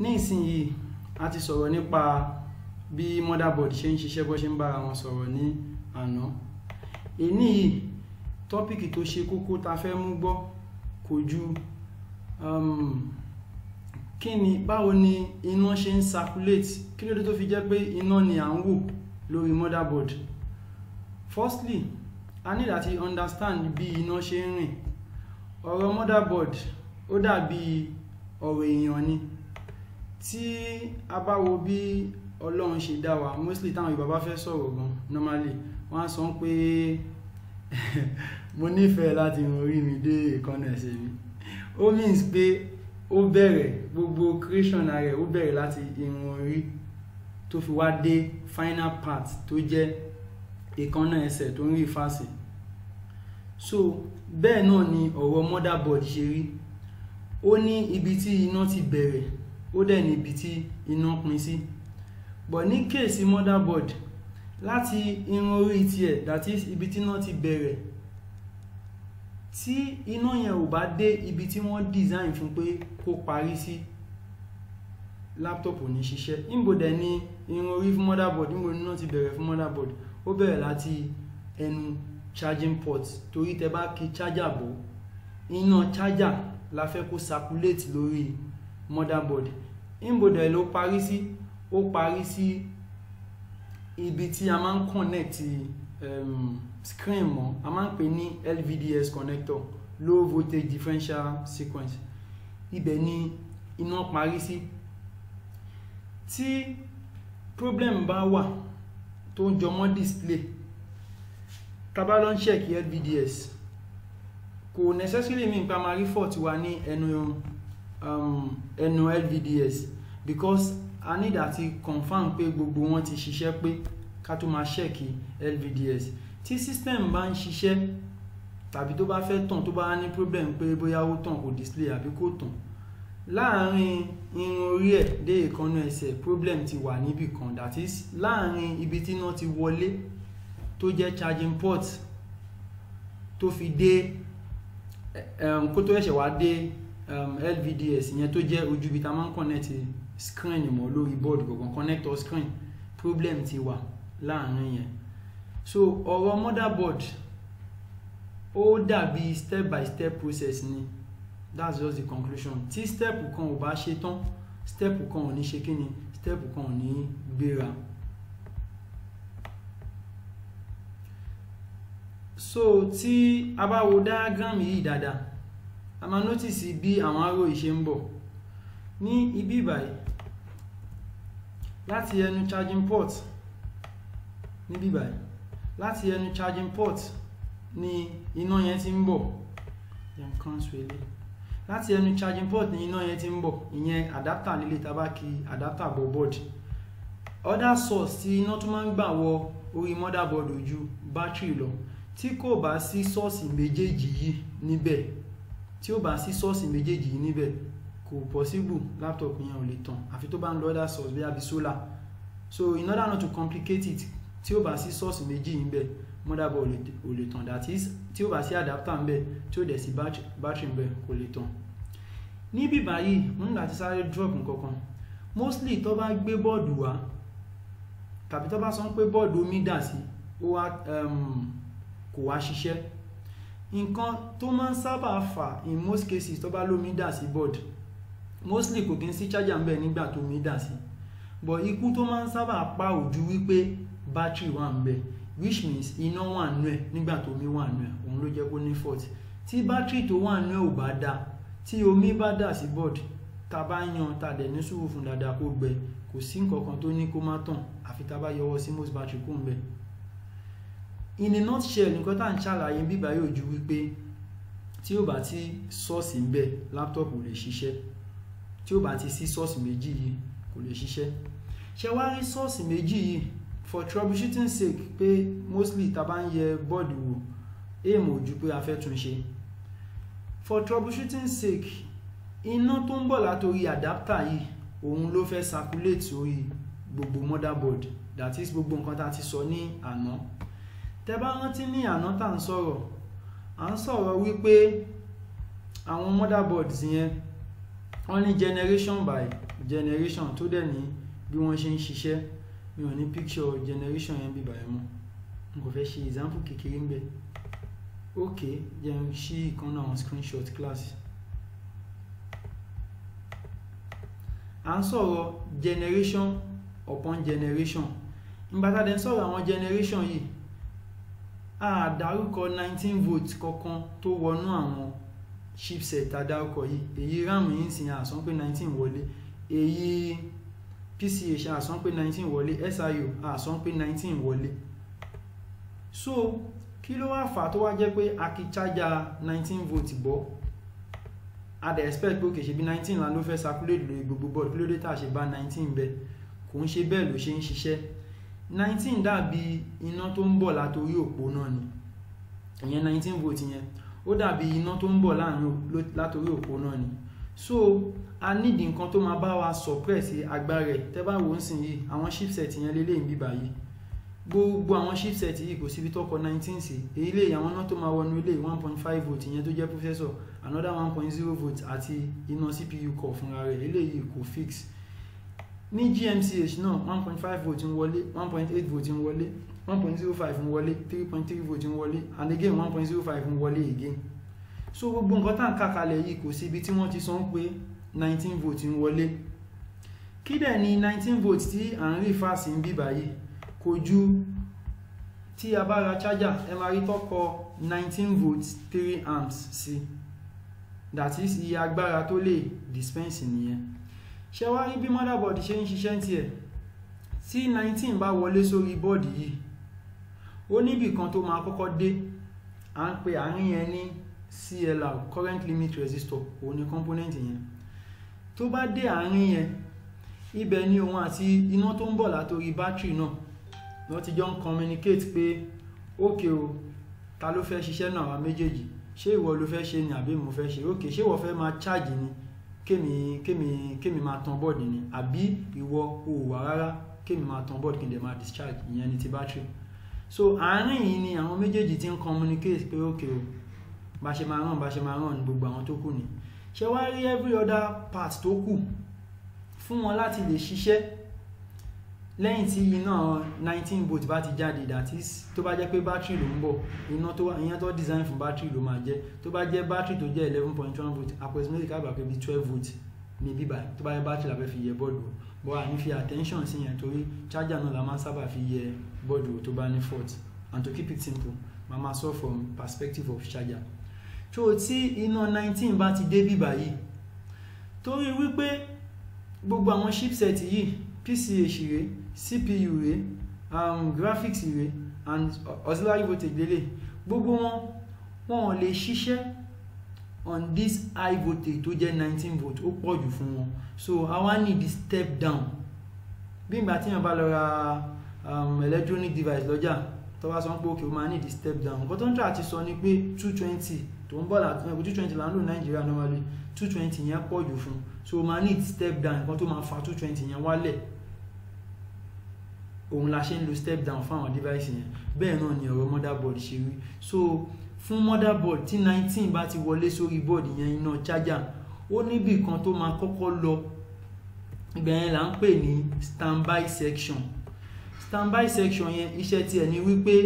ní ìsinyìí a ti sọ̀rọ̀ nípa bí motherboard ṣe ń ṣiṣẹ́ bó ṣe ń bára wọn sọ̀rọ̀ ní àná èní yìí tọ́pìkì tó ṣe kókó ta fẹ́ mú gbọ́ kò ju um, kí ni báwo ni iná ṣe ń circulate kí ló dé tó fi jẹ́ pé iná ni à ń wò lórí motherboard firstly a ní láti understand bí iná ṣe ń rìn ọ̀rọ̀ motherboard ó dàbí ọ̀rọ̀ èèyàn ni tí a bá wo bí ọlọ́run ṣe dá wa mostly táwọn Yorùbá bá fẹ́ sọ̀rọ̀ gan normally wọ́n á sọ pé mo nífẹ̀ẹ́ láti orí mi dé ìkànnì ẹsẹ̀ mi ó means pé ó bẹ̀rẹ̀ gbogbo creation rẹ̀ ó bẹ̀rẹ̀ láti irun orí tó fi wá dé final part tó jẹ́ ìkànnà ẹsẹ̀ tó ń rí fásì so bẹ́ẹ̀ náà ni ọ̀rọ̀ board ṣe rí ó ní ibi tí iná ti bẹ̀rẹ̀ ó dẹ̀ níbi tí iná pin sí but ní kéèsì motherboard láti irun orí tiẹ̀ that is ibi tí iná ti bẹ̀rẹ̀ tí iná yẹn ò bá dé ibi tí wọ́n design fún pé kó parí sí laptop ò ní ṣiṣẹ́ níbo dẹ̀ ni irun orí fún motherboard níbo ni iná ti bẹ̀rẹ̀ fún motherboard ó bẹ̀rẹ̀ láti ẹnu charging port torí tẹ bá kí charger bò iná charger la fẹ́ kó circulate lórí motherboard níbo dẹ̀ ló parí sí ó parí sí ibi tí a máa ń connect um, screen mọ́ a máa ń pè ní LVDS connector low voltage differential sequence ibẹ̀ ni iná parí sí tí problem bá wà tó ń jọmọ́ display tàbá lọ ń check LVDS kò necessarily mean pa máa rí fault wa ní ẹnu um, ẹnu LVDS because a need àti confam pé gbogbo wọn ti ṣiṣẹ́ pé ká tó máa ṣẹ́ẹ̀kì LVDS tí system bá ń ṣiṣẹ́ tàbí tó bá fẹ́ tàn tó bá ní problem pé bóyá ó tàn kò display àbí kò tàn láàárín irun orí ẹ̀ dé ìkànnà ẹsẹ̀ problem ti wà níbì kan that is láàárín ibi tí iná ti wọlé tó jẹ́ charging port tó fi dé eh, kó tó ẹ̀ṣẹ̀ wá dé um, LVDS ìyẹn tó jẹ́ ojú ibi tá a máa ń connect screen mọ́ lórí board gbọ̀ngàn connector screen problem ti wà láàrin yẹn so ọ̀rọ̀ motherboard ó dàbí step by step process ni that's just the conclusion tí step kan ò bá ṣe tán step kan ò ní ṣe kí ni step kan ò ní gbéra so tí a bá wo diagram yìí dáadáa a máa nọ́tìsì bí àwọn arrow yìí ṣe ń bọ̀ ní ibi ìbàyí láti ẹnu charging port ní bíbàyí láti ẹnu charging port ni iná yẹn ti ń bọ̀ yẹn kan sọ láti ẹnu charging port ni iná yẹn ti ń bọ̀ ìyẹn adapter líle tá a bá kí adapter bọ̀ board other source tí iná tó máa ń gbà wọ orí motherboard ojú battery lọ tí kò bá sí sọ́ọ̀sì méjèèjì yìí níbẹ̀ tí ó bá sí sọ́ọ̀sì méjèèjì yìí níbẹ̀ kò possible laptop yẹn ò lè tàn àfi tó bá ń lo other source bí àbí solar so in order not to complicate it tí ó bá sí sọ́ọ̀sì méjì yìí níbẹ̀ motherboard ò lè tàn that is tí ó bá sí adapter níbẹ̀ tí ó dẹ̀ sí battery níbẹ̀ kò lè tàn níbí báyìí mo ń láti sáré drop nǹkan kan mostly tó bá gbé bọ́ọ̀dù wá tàbí tó bá sọ pé bọ́ọ̀dù omi dà sí ó wá um, kò wá ṣiṣẹ́ nǹkan tó máa ń sábà fà in most cases tó bá lómi dà sí board mostly kò kí n sí charger ń bẹ nígbà tó mi dà sí but ikú tó máa ń sábà pa ojú wípé battery wà ń bẹ which means iná wà nù ẹ nígbà tó mi wà nù ẹ òun ló jẹ́ kó ní fault tí battery tó wà nù ẹ ò bá da tí omi bá dà sí board ta bá yan ta dẹ̀ ní sùúrù fún dáadáa kó gbẹ kò sí nǹkan kan tó ní kó má tàn àfi ta bá yọwọ́ sí most battery kó ń bẹ in a nutshell nǹkan tá à ń ṣàlàyé bíbá yóò ju wípé tí ó bá ti sọ́ọ̀sì ń bẹ laptop ò lè ṣiṣẹ́ tí ó bá ti sí sọ́ọ̀sì méjì yìí kò lè ṣiṣẹ́ ṣe wá rí sọ́ọ̀sì méjì yìí for troubleshooting sake pé mostly ta bá ń yẹ bọ́ọ̀dù wò èèmọ̀ ojú pé a fẹ́ tún for troubleshooting sake iná tó ń bọ̀ látòrí adapter yìí òun ló fẹ́ circulate orí gbogbo motherboard that is gbogbo nǹkan tá a ti sọ ní àná tẹ́ bá rántí ní àná tá ń sọ̀rọ̀ à ń sọ̀rọ̀ wípé àwọn motherboards yẹn wọ́n ní generation by generation tó dẹ̀ ní bí wọ́n ṣe ń ṣiṣẹ́ mi ò ní picture generation yẹn bí báyìí mọ́ n kò fẹ́ ṣe example kékeré ń bẹ ok jẹun ṣí ìkan náà àwọn screenshot class à ń sọ̀rọ̀ generation upon generation ìgbà tá a dẹ̀ ń sọ̀rọ̀ àwọn generation yìí a dárúkọ nineteen votes kankan tó wọnú àwọn chipset adárúkọ yìí èyí ram yìí sì yàn àsán pé nineteen wọlé èyí pch àsán pé nineteen wọlé siu àsán pé nineteen wọlé so kí ló wá fà tó wá jẹ́ pé akíchájà nineteen votes bọ́ a dẹ̀ expect pé òkè ṣe bí nineteen la ló fẹ́ circulate lórí gbogbo bọ́ọ̀lù kí ló dé tá a ṣe bá nineteen bẹ́ẹ̀ kò ń ṣe bẹ́ẹ̀ ló ṣe ń ṣiṣẹ́ 19 dàbí iná tó ń bọ̀ látorí òpó náà ni ìyẹn 19 volt yẹn ó dàbí iná tó ń bọ̀ látorí òpó náà ni so a need nǹkan tó máa bá wa suppress agbára ẹ̀ tẹ́ bá wò ó sìn yìí àwọn chipset yẹn lélẹ́yìn bíbá yìí gbogbo àwọn chipset yìí kò síbi tọkọ 19 sí èyí lè àwọn náà tó máa wọnú ilé 1.5 volt ìyẹn tó jẹ́ processor another 1.0 volt àti iná cpu core fúnra rẹ̀ eléyìí kò fix ní gmch náà one point five volt ń wọlé one point eight volt ń wọlé one point zero oh five ń wọlé three volt ń wọlé and again 1.05 point zero oh ń wọlé again so gbogbo nǹkan tá à ń kà kalẹ̀ yìí kò sí tí wọ́n ti sọ pé nineteen volt ń wọlé kí dẹ̀ ni 19 volt tí à ń rí fáàsì ń bíbà yìí kò ju tí a bá ra charger ẹ máa rí tọkọ nineteen volt three amps sí that is iye agbára tó lè dispense nìyẹn ṣe wá rí bí motherboard ṣe ń ṣiṣẹ́ tiẹ̀ tí 19 bá wọlé sórí bọ́ọ̀dì yìí ó níbì kan tó máa kọ́kọ́ dé à ń pe àárín yẹn ní CLR current limit resistor òun ni component yẹn tó bá dé àárín yẹn ibẹ̀ ni òun àti iná tó ń bọ̀ látòrí bátìrì náà wọ́n ti jọ ń communicate pé ókè o ta ló fẹ́ ṣiṣẹ́ náà àwa méjèèjì ṣé ìwọ ló fẹ́ ṣe ni àbí mo fẹ́ ṣe ókè ṣé ìwọ fẹ́ máa charge ni kémi kémi kémi máa tan board ni àbí ìwọ o wà rárá kémi máa tan board kí n dẹ̀ máa discharge ìyẹn ni ti battery so àárín yìí ni àwọn méjèèjì ti ń communicate pé okay o bá ṣe máa ràn bá ṣe máa ràn ní gbogbo àwọn tó kù ni ṣé wá rí every other part tó kù fún wọn láti lè ṣiṣẹ́ lẹ́yìn tí iná 19 volt bá ti jáde that is tó bá jẹ́ pé battery ló ń bọ̀ iná tó ìyẹn tó design fún battery ló máa jẹ́ tó bá jẹ́ battery tó jẹ́ 11.1 volt approximately kábà pé bí 12 volt ní bíbá tó bá jẹ́ battery làbẹ́ fi yẹ bọ́ọ̀dù bọ́ à ní fi attention sí yẹn torí charger náà la máa sábà fi yẹ bọ́ọ̀dù tó bá ní fault and to keep it simple màá máa sọ from perspective of charger tó tí iná 19 bá ti dé bíbá yìí torí wípé gbogbo àwọn chipset yìí PCA ṣìrè cpu rèé um, graphics rèé and auxiliary voltage lélẹ̀ gbogbo wọn wọn ò lè ṣiṣẹ́ on this high voltage tó jẹ́ nineteen volt ó pọ̀ jù fún wọn so àwa need the step down bí ìgbà tí èèyàn bá lọ ra um, electronic device lọ́jà tó bá sọ pé òkè ó máa need the step down nǹkan tó ń tà sọ ni pé two twenty tó ń bọ̀ láti ẹ̀kú two twenty là ń nàìjíríà normally two twenty yẹn pọ̀ jù fún so ó máa need step down nǹkan tó máa fa two twenty yẹn wálẹ̀ òun la ṣe ń lo step down fún àwọn device yẹn bẹ́ẹ̀ náà ni ọ̀rọ̀ motherboard ṣe rí so fún motherboard tí nineteen bá ti wọlé sórí board yẹn iná charger ó níbì kan tó máa kọ́kọ́ lọ ìgbà yẹn là ń pè ní standby section standby section yẹn iṣẹ́ tiẹ̀ ni wípé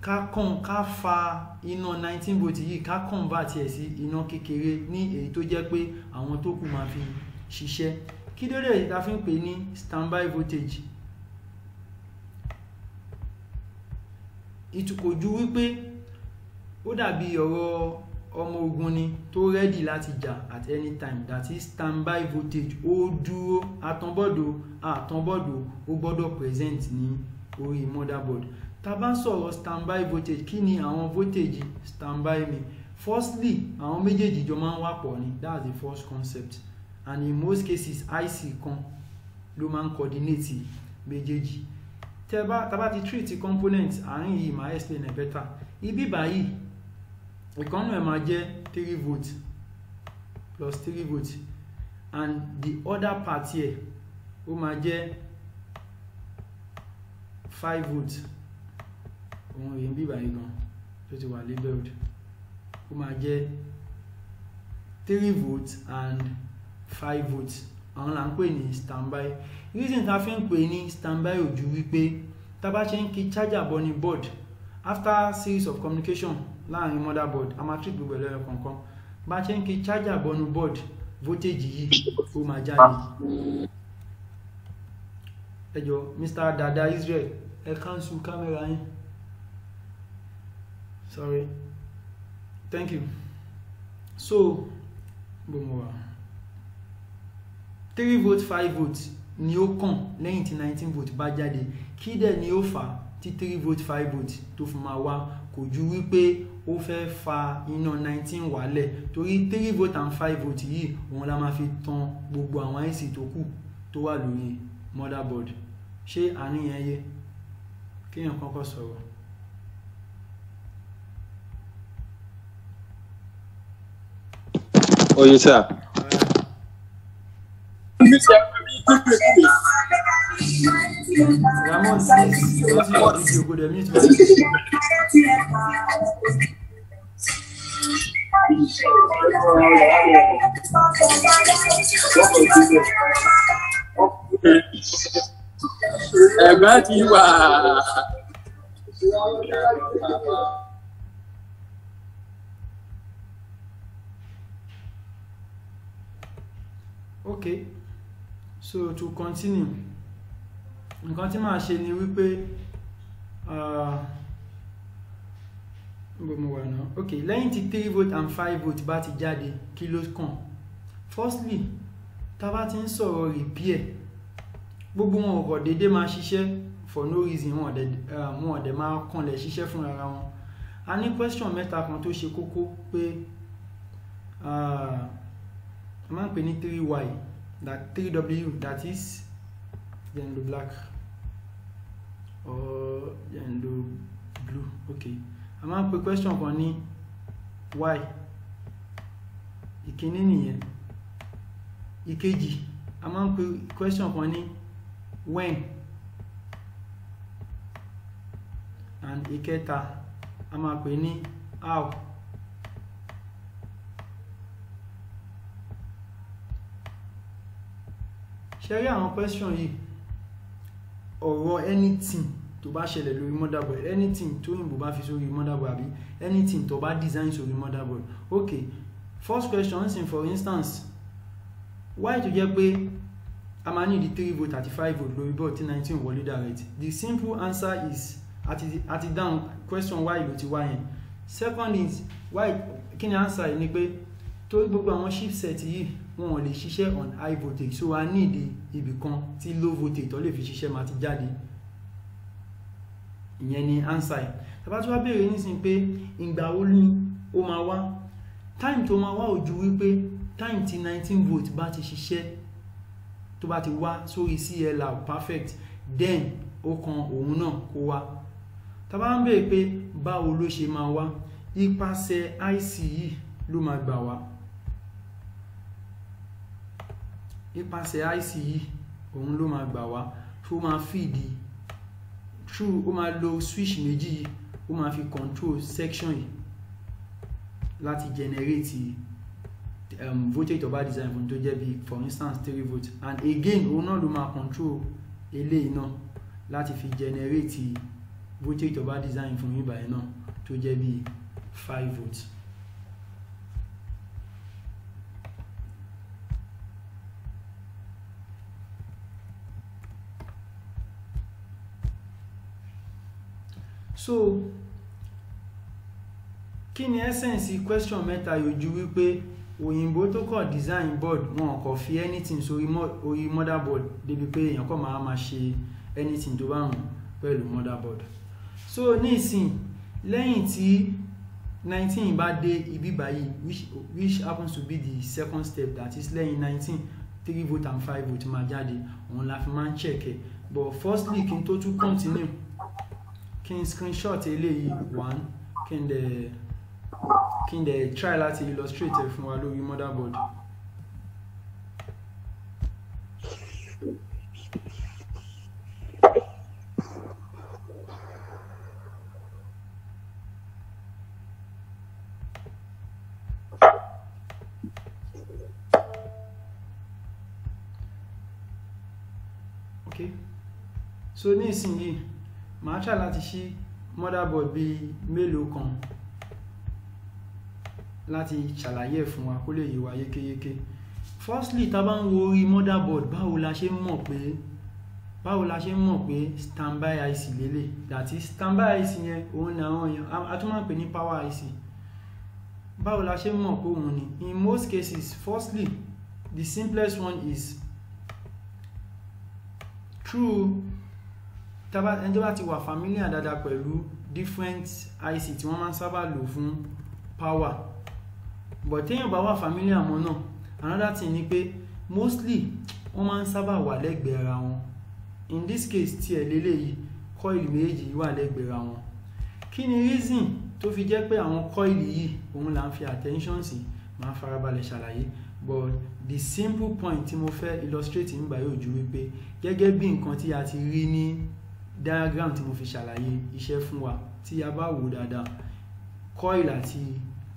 ká kàn ká fa iná nineteen volt yìí ká convert ẹ̀ sí iná kékeré ní èyí tó jẹ́ pé àwọn tó kù máa fi ṣiṣẹ́ kí ló dé ta fi ń pè ní standby voltage ìtukọ̀ ju wípé ó dàbí ọ̀rọ̀ ọmọ ogun ni tó rẹ́dì láti jà at any time that is standby voltage ó dúró àtànbọ̀dọ̀ àtànbọ̀dọ̀ ó gbọ́dọ̀ present ní orí motherboard tá bá ń sọ̀rọ̀ standby voltage kí ni àwọn voltage standby mi firstly àwọn méjèèjì jọ máa ń wà pọ̀ ni that's the first concept and in most cases IC kan ló máa ń coordinate méjèèjì tẹ bá tá bá ti treat component àárín yìí máa explain ẹ better ibi báyìí ìkànnù ẹ máa jẹ three volt plus three volt and the other part here ó máa jẹ five volt òun rèé bí báyìí gan tó ti wà labeled ó máa jẹ three volt and five volt àwọn là ń pè ní standby reason ta fi ń pè ní standby ò ju wípé tá bá ṣe ń kí charger bọ́ ní board after series of communication láàrin motherboard a máa treat gbogbo ẹlẹ́rọ kọ̀ọ̀kan bá ṣe ń kí charger bọ́ ní board voltage yìí ó máa jáde ẹ jọ̀ọ́ Mr. Dada Israel ẹ káńsù kámẹ́rà yín sorry thank you so gbogbo wa three vote five vote ni ó kàn lẹ́yìn tí nineteen vote bá jáde kí dẹ̀ ni ó fà á tí three vote five vote tó fi máa wá kò ju wípé ó fẹ́ fa iná nineteen wálẹ̀ torí three vote and five vote yìí òun la máa fi tan gbogbo àwọn àìsí tó kù tó wà lórí motherboard ṣé àárín yẹn yé kéèyàn kọ́kọ́ sọ̀rọ̀. oye sáà. Okay. so to continue nǹkan tí màá ṣe ni wípé gbogbo wà náà ok lẹ́yìn tí three vote and five vote bá ti jáde kí ló firstly tá bá ti ń sọ̀rọ̀ repair gbogbo wọn ò kọ̀ déédéé máa for no reason wọn ọ̀dẹ̀ máa kànlẹ̀ ṣiṣẹ́ fún ara wọn a ní question mẹ́ta kan tó ṣe kókó pé a máa ń pè ní three why that 3w that is then the black or then the blue okay I'm máa ń pe question for me why ìkíní nìyẹn ìkejì a máa ń pe question for me when and ìkẹta I'm máa pè ní how ṣe rí àwọn question yìí ọ̀rọ̀ anything tó bá ṣẹlẹ̀ lórí motherboard anything tó yìnbó bá fi sórí motherboard àbí anything tó bá design sórí motherboard ok first question sin for instance why to jẹ́ pé a máa ní di three volt àti five volt lórí bọ́ọ̀ tí nineteen wọlé direct the simple answer is àti down question why ló ti wá yẹn second is why kí ni answer yìí ni pé torí gbogbo àwọn chipset yìí wọn ò lè ṣiṣẹ́ on high voltage so a need ibì kan tí low voltage tó lè fi ṣiṣẹ́ máa ti jáde ìyẹn ni answer tàbá tí wàá béèrè nísìnyí pé ìgbà wo ni ó máa wá time tó máa wá ò wípé time tí 19 volt bá ti ṣiṣẹ́ tó bá ti wá sórí CLR perfect then ó kan òun náà kó wá tàbá ń béèrè pé báwo ló ṣe máa wá ipasẹ̀ IC yìí ló máa gbà wá nípasẹ̀ ice yìí òun ló máa gbà wá tó máa fìdí through ó máa lo switch méjì yìí ó máa fi control section yìí láti generate um, voltage tó bá design fún tó jẹ́ bí for instance three volts, and again òun náà ló máa control eléyìí náà láti fi generate voltage tó bá design fún yín báyìí náà tó jẹ́ bí five volts. so kí ni essence question mẹ́ta yòjú wípé òyìnbó tó kọ̀ design board wọn kò fi anything sórí orí motherboard débi pé èèyàn kò máa máa ṣe anything tó bá wùn pẹ̀lú motherboard so nísìn lẹ́yìn tí 19 bá dé ibi báyìí which, which happens to be the second step that is lẹ́yìn nineteen three vote and five vote máa jáde òun la fi máa ń check ẹ̀ but firstly kí n tó tún continue kí n screenshot eléyìí one kí n dẹ̀ kí n dẹ̀ try láti illustrate ẹ̀ fún wa lórí motherboard. okay so nísìnyí màá ṣà láti ṣí motherboard bíi mélòó kan láti ṣàlàyé ẹ̀ fún wa kó lè yé wa yékéyéké firstly ta bá ń wo orí motherboard báwo la ṣe ń mọ̀ pé báwo la ṣe ń mọ̀ pé standby IC lélẹ̀ that is standby IC yẹn òun làwọn èèyàn a tún máa ń pè ní power IC báwo la ṣe ń mọ̀ pé òun ni in most cases firstly the simplest one is through ẹni tó bá ti wà familiar dáadáa pẹ̀lú different IC tí wọ́n máa ń sábà lò fún power but téèyàn bá wà familiar mọ́ náà another thing ni pé mostly wọ́n máa ń sábà wà lẹ́gbẹ̀ẹ́ ara wọn in this case tí ẹ̀ lélẹ́yìí coil méjì yìí wà lẹ́gbẹ̀ẹ́ ara wọn kí ni reason tó fi jẹ́ pé àwọn coil yìí òun là ń fi attention sí máa farabalẹ̀ ṣàlàyé but the simple point tí mo fẹ́ illustrate nígbà yóò ju wípé gẹ́gẹ́ bí nǹkan tí a ti rí ní diagram tí mo fi ṣàlàyé iṣẹ́ fún wa tí a bá wò dáadáa coil àti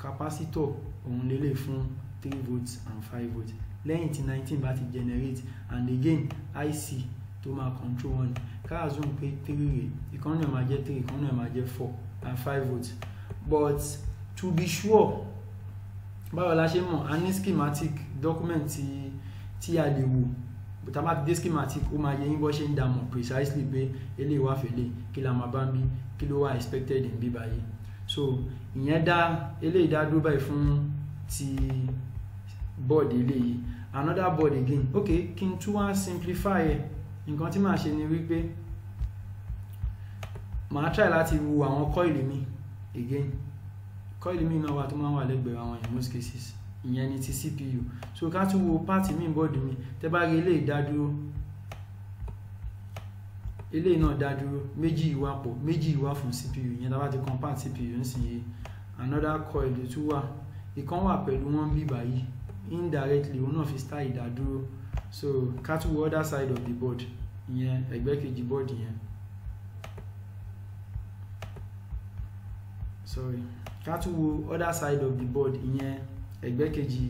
capacitor òun lélẹ̀ fún three volts and five volts lẹ́yìn tí nineteen bá ti generate and again IC tó máa control one káà zoom pé three rè ìkan náà máa jẹ́ three ìkan náà máa jẹ́ four and five volts but to be sure báwo la ṣe mọ̀ a ní schematic document tí a lè wò tá a bá schematic ó máa yẹ yín bó ṣe ń dààmú precisely pé eléyìí wà fẹ́lẹ̀ kí la máa bá ń kí ló wà expected ń bí báyìí so ìyẹn dá eléyìí dá dúró báyìí fún ti board eléyìí another board again ok kí n tún wá simplify ẹ nǹkan tí màá ṣe ni wípé màá try láti wo àwọn coil mi again coil mi náà wà tó máa wà lẹ́gbẹ̀ẹ́ àwọn in most cases ìyẹn ni ti cpu so ká tún wo pàtì mí bọ́ọ̀dù mi tẹ́ bá rí eléyìí dádúró eléyìí náà dádúró méjì ìwà pọ̀ méjì ìwà fún cpu ìyẹn tá bá ti compound cpu ń sìn yìí another coil tó wà ìkan wà pẹ̀lú wọn bí báyìí indirectly òun náà fi style ìdádúró so ká tún wo other side of the board ìyẹn ẹgbẹ́ kejì board yẹn sorry ká tún wo other side of the board ìyẹn ẹgbẹ́ kejì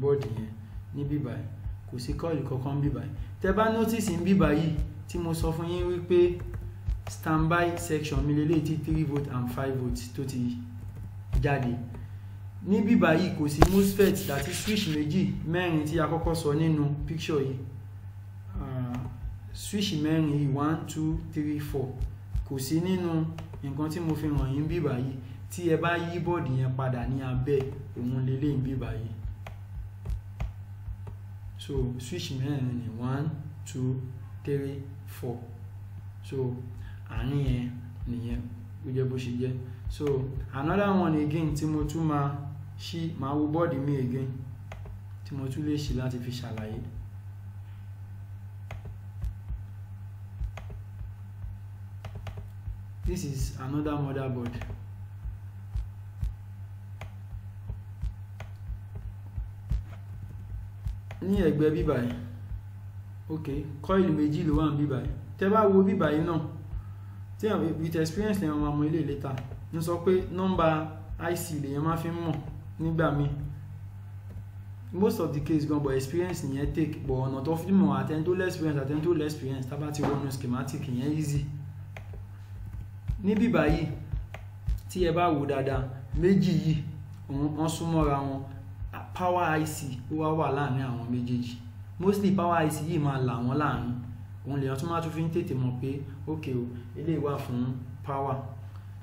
bọ́ọ̀dì yẹn ní bíbá yìí kò sí kọ́ọ̀lù kankan bíbá yìí tẹ́ bá notice ní bíbá yìí tí mo sọ fún yín wípé standby section mi lélẹ́yìí tí three volt and five volt tó ti jáde ní bíbá yìí kò sí MOSFET àti switch méjì mẹ́rin tí a kọ́kọ́ sọ nínú picture yìí ah, switch mẹ́rin yìí one two three four kò sí nínú nǹkan tí mo fi hàn yín bíbá yìí tí ẹ bá yí bọ́ọ̀dì yẹn padà ní abẹ́ òun lè lè bí báyìí so switch mẹ́rin ni one two three four so àárín yẹn nìyẹn ó jẹ́ bó ṣe jẹ́ so another one again tí mo tún máa ṣí máa wo bọ́ọ̀dì mi again tí mo tún lè ṣí láti fi ṣàlàyé. this is another motherboard ní ẹ̀gbẹ́ bíbà yìí ok coil méjì ló wà ní bíbà yìí tẹ́ bá wo bíbà yìí náà tí with experience lè máa mọ ilé ìlẹ́ta ń sọ pé nọ́mbà IC lèyàn máa fi ń mọ̀ nígbà míì most of the case gan bo experience nìyẹn take bo ọ̀nà tó fi mọ̀ àtẹni tó lẹ́sperience àtẹni tó lẹ́sperience tá a bá ti wọnú schematic yẹn easy ní bíbá yìí tí ẹ bá wò dáadáa méjì yìí wọ́n súnmọ́ra wọn power ic ó wá wà láàrin àwọn méjèèjì mostly power ic yìí máa là wọ́n láàrin òun lèèyàn tó máa tún fi ń tètè mọ̀ pé ok o eléyìí wà fún power